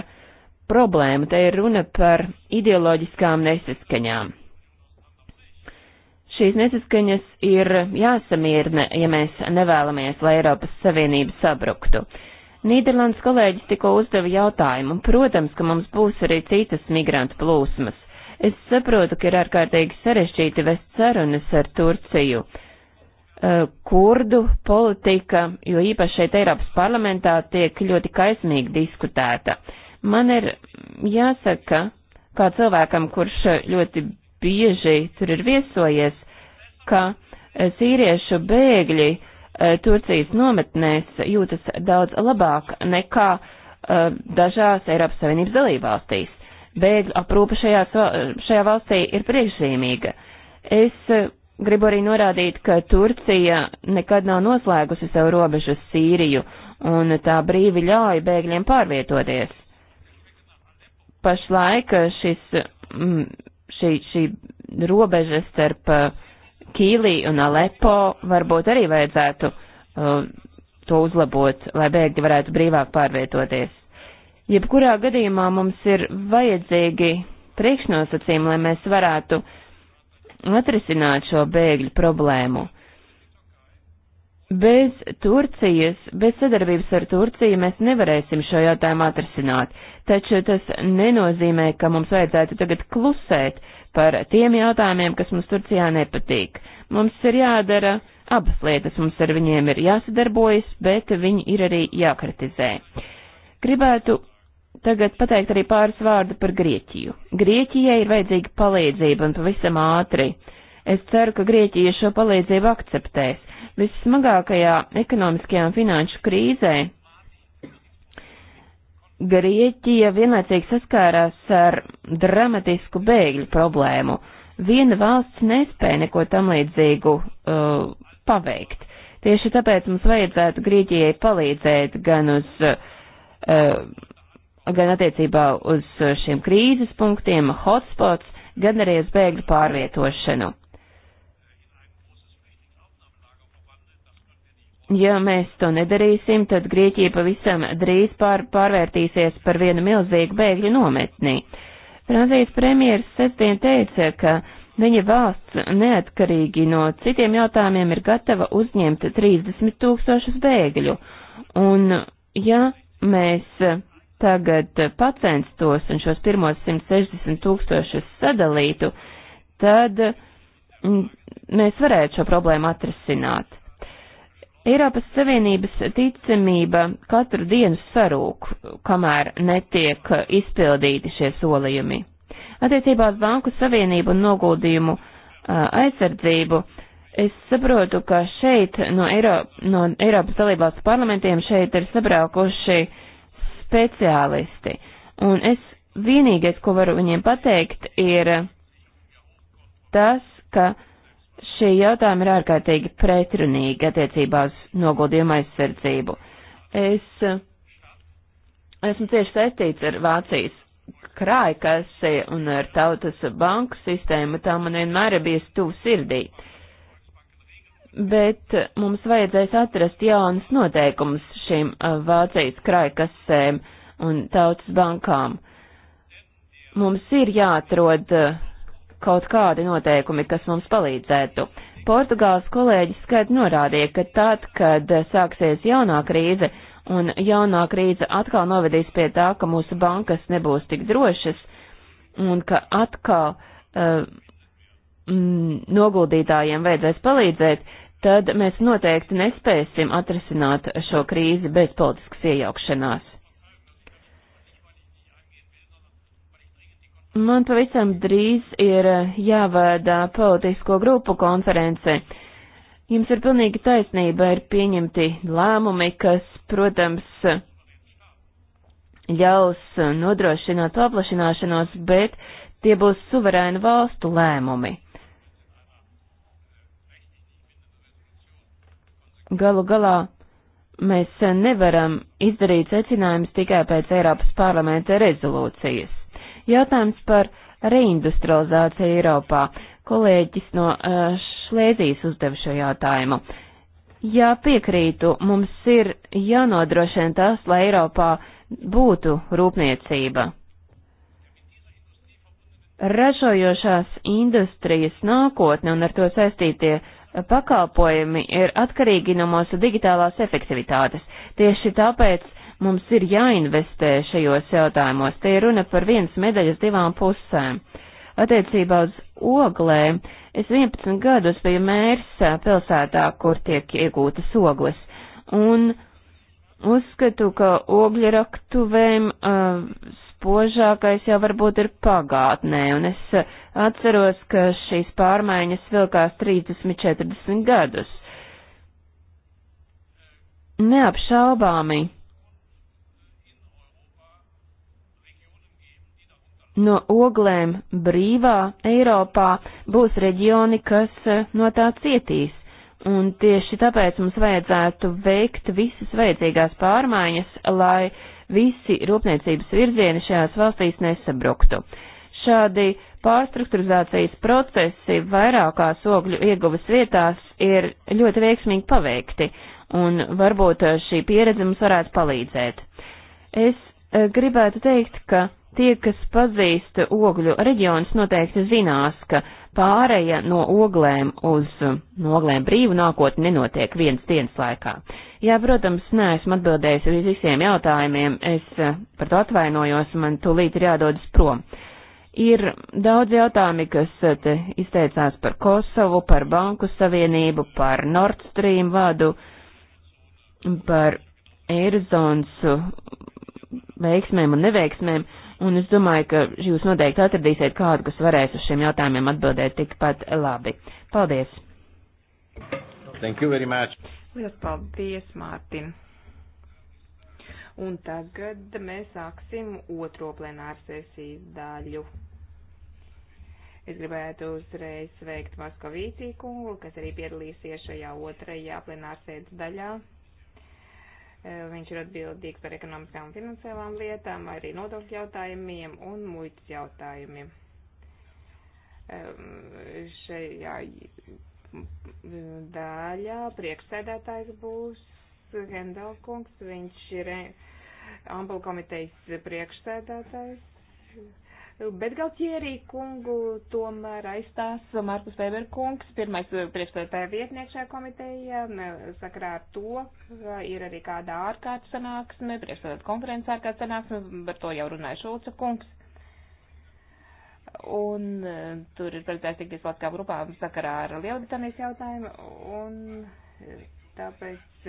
problēmu, te ir runa par ideoloģiskām nesaskaņām. Šīs nesaskaņas ir jāsamierina, ja mēs nevēlamies, lai Eiropas Savienība sabruktu. Nīderlandes kolēģis tikko uzdeva jautājumu, un, protams, ka mums būs arī citas migrantu plūsmas. Es saprotu, ka ir ārkārtīgi sarežģīti vest sarunas ar Turciju. Eh, kurdu politika, jo īpaši šeit Eiropas parlamentā, tiek ļoti kaismīgi diskutēta. Man ir jāsaka, kā cilvēkam, kurš ļoti bieži tur ir viesojies, ka e, sīriešu bēgļi e, Turcijas nometnēs jūtas daudz labāk nekā e, dažās Eiropas Savienības dalībvalstīs. Bēgļu aprūpa šajā, šajā valstī ir priekšzīmīga. Es gribu arī norādīt, ka Turcija nekad nav noslēgusi savu robežu Sīriju, un tā brīvi ļauj bēgļiem pārvietoties. Pašlaik šis šī, šī robeža starp uh, Kīlī un Alepo varbūt arī vajadzētu uh, to uzlabot, lai bēgļi varētu brīvāk pārvietoties. Jebkurā gadījumā mums ir vajadzīgi priekšnosacījumi, lai mēs varētu atrisināt šo bēgļu problēmu. Bez Turcijas, bez sadarbības ar Turciju mēs nevarēsim šo jautājumu atrisināt, taču tas nenozīmē, ka mums vajadzētu tagad klusēt par tiem jautājumiem, kas mums Turcijā nepatīk. Mums ir jādara abas lietas, mums ar viņiem ir jāsadarbojas, bet viņi ir arī jākritizē. Gribētu tagad pateikt arī pāris vārdu par Grieķiju. Grieķijai ir vajadzīga palīdzība un pavisam ātri. Es ceru, ka Grieķija šo palīdzību akceptēs Vissmagākajā ekonomiskajā un finanšu krīzē Grieķija vienlaicīgi saskārās ar dramatisku bēgļu problēmu. Viena valsts nespēja neko tam līdzīgu uh, paveikt. Tieši tāpēc mums vajadzētu Grieķijai palīdzēt gan uz uh, gan attiecībā uz šiem krīzes punktiem, hotspots, gan arī uz bēgļu pārvietošanu. Ja mēs to nedarīsim, tad Grieķija pavisam drīz pār, pārvērtīsies par vienu milzīgu bēgļu nometnī. Francijas premjeras sestdien teica, ka viņa valsts neatkarīgi no citiem jautājumiem ir gatava uzņemt 30 tūkstošus bēgļu. Un ja mēs tagad pacenstos un šos pirmos 160 tūkstošus sadalītu, tad mēs varētu šo problēmu atrisināt. Eiropas Savienības ticamība katru dienu sarūk, kamēr netiek izpildīti šie solījumi. Attiecībā uz Banku Savienību un noguldījumu aizsardzību es saprotu, ka šeit no, Eiro, no Eiropas dalībvalstu parlamentiem šeit ir sabraukuši speciālisti. Un es vienīgais, ko varu viņiem pateikt, ir tas, ka uh, Šie jautājumi ir ārkārtīgi pretrunīgi attiecībā uz noguldījumu aizsardzību. Es esmu cieši saistīts ar Vācijas krājkasi un ar tautas banku sistēmu, tā man vienmēr ir bijis tuvu sirdī. Bet mums vajadzēs atrast jaunas noteikumus šīm Vācijas krājkasēm un tautas bankām. Mums ir jāatrod uh, kaut kādi noteikumi, kas mums palīdzētu. Portugāles kolēģis skaidri norādīja, ka tad, kad sāksies jaunā krīze, un jaunā krīze atkal novedīs pie tā, ka mūsu bankas nebūs tik drošas, un ka atkal uh, mm, noguldītājiem vajadzēs palīdzēt, tad mēs noteikti nespēsim atrisināt šo krīzi bez politiskas iejaukšanās. Man pavisam drīz ir eh, jāvada politisko grupu konference. Jums ir pilnīgi taisnība, ir pieņemti lēmumi, kas, protams, ļaus nodrošināt paplašināšanos, bet tie būs suverēnu valstu lēmumi. Galu galā mēs nevaram izdarīt secinājumus tikai pēc Eiropas parlamenta rezolūcijas. Jautājums par reindustrializāciju Eiropā. Kolēģis no eh, Šlēzijas uzdeva šo jautājumu. Jā, piekrītu, mums ir jānodrošina tas, lai Eiropā būtu rūpniecība. Ražojošās industrijas nākotne un ar to saistītie pakalpojumi ir atkarīgi no mūsu digitālās efektivitātes. Tieši tāpēc Mums ir jāinvestē šajos jautājumos. Te ir runa par vienas medaļas divām pusēm. Attiecībā uz oglēm es 11 gadus biju mērs pilsētā, kur tiek iegūtas ogles. Un uzskatu, ka ogļu raktuvēm uh, spožākais jau varbūt ir pagātnē, un es atceros, ka šīs pārmaiņas vilkās 30-40 gadus. Neapšaubāmi no oglēm brīvā Eiropā būs reģioni, kas eh, no tā cietīs. Un tieši tāpēc mums vajadzētu veikt visas vajadzīgās pārmaiņas, lai visi rūpniecības virzieni šajās valstīs nesabruktu. Šādi pārstruktūrizācijas procesi vairākās ogļu ieguves vietās ir ļoti veiksmīgi paveikti, un varbūt šī pieredze mums varētu palīdzēt. Es eh, gribētu teikt, ka Tie, kas pazīst ogļu reģionus, noteikti zinās, ka pāreja no oglēm uz no oglēm brīvu nākotni nenotiek vienas dienas laikā. Jā, protams, neesmu atbildējis uz visiem jautājumiem, es eh, par to atvainojos, man tūlīt ir jādodas prom. Ir daudz jautājumi, kas eh, te izteicās par Kosovu, par Banku Savienību, par Nord Stream vadu, par Eirozonas veiksmēm un neveiksmēm. Uh, Un es domāju, ka jūs noteikti atradīsiet kādu, kas varēs uz šiem jautājumiem atbildēt tikpat labi. Paldies! Thank you very much! Lielas paldies, Mārtiņ! Un tagad mēs sāksim otro plenāru sesijas daļu. Es gribētu uzreiz sveikt Maskavīcī kungu, kas arī piedalīsies šajā otrajā plenārsēdes daļā. Eh, viņš ir atbildīgs par ekonomiskām un finansiālām lietām, arī nodokļu jautājumiem un muitas jautājumiem. Eh, šajā daļā priekšsēdētājs būs Hendelkungs, viņš ir eh, Ampel komitejas priekšsēdētājs Bet Galtierī kungu tomēr aizstās Markus Weberkungs, pirmais eh, priekšstādātāja vietnieks šajā komitejā, sakarā ar to, ka ir arī kāda ārkārtas sanāksme, priekšstādātāja konferences ārkārtas sanāksme, par to jau runāja Šulca kungs. Un eh, tur ir paredzēts tikties Latvijā grupām sakarā ar Lielbritānijas jautājumu. Un eh, tāpēc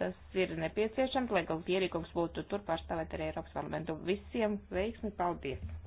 tas ir nepieciešams, lai Galtierī kungs būtu tur pārstāvēt arī Eiropas parlamentu. Visiem veiksmi, paldies!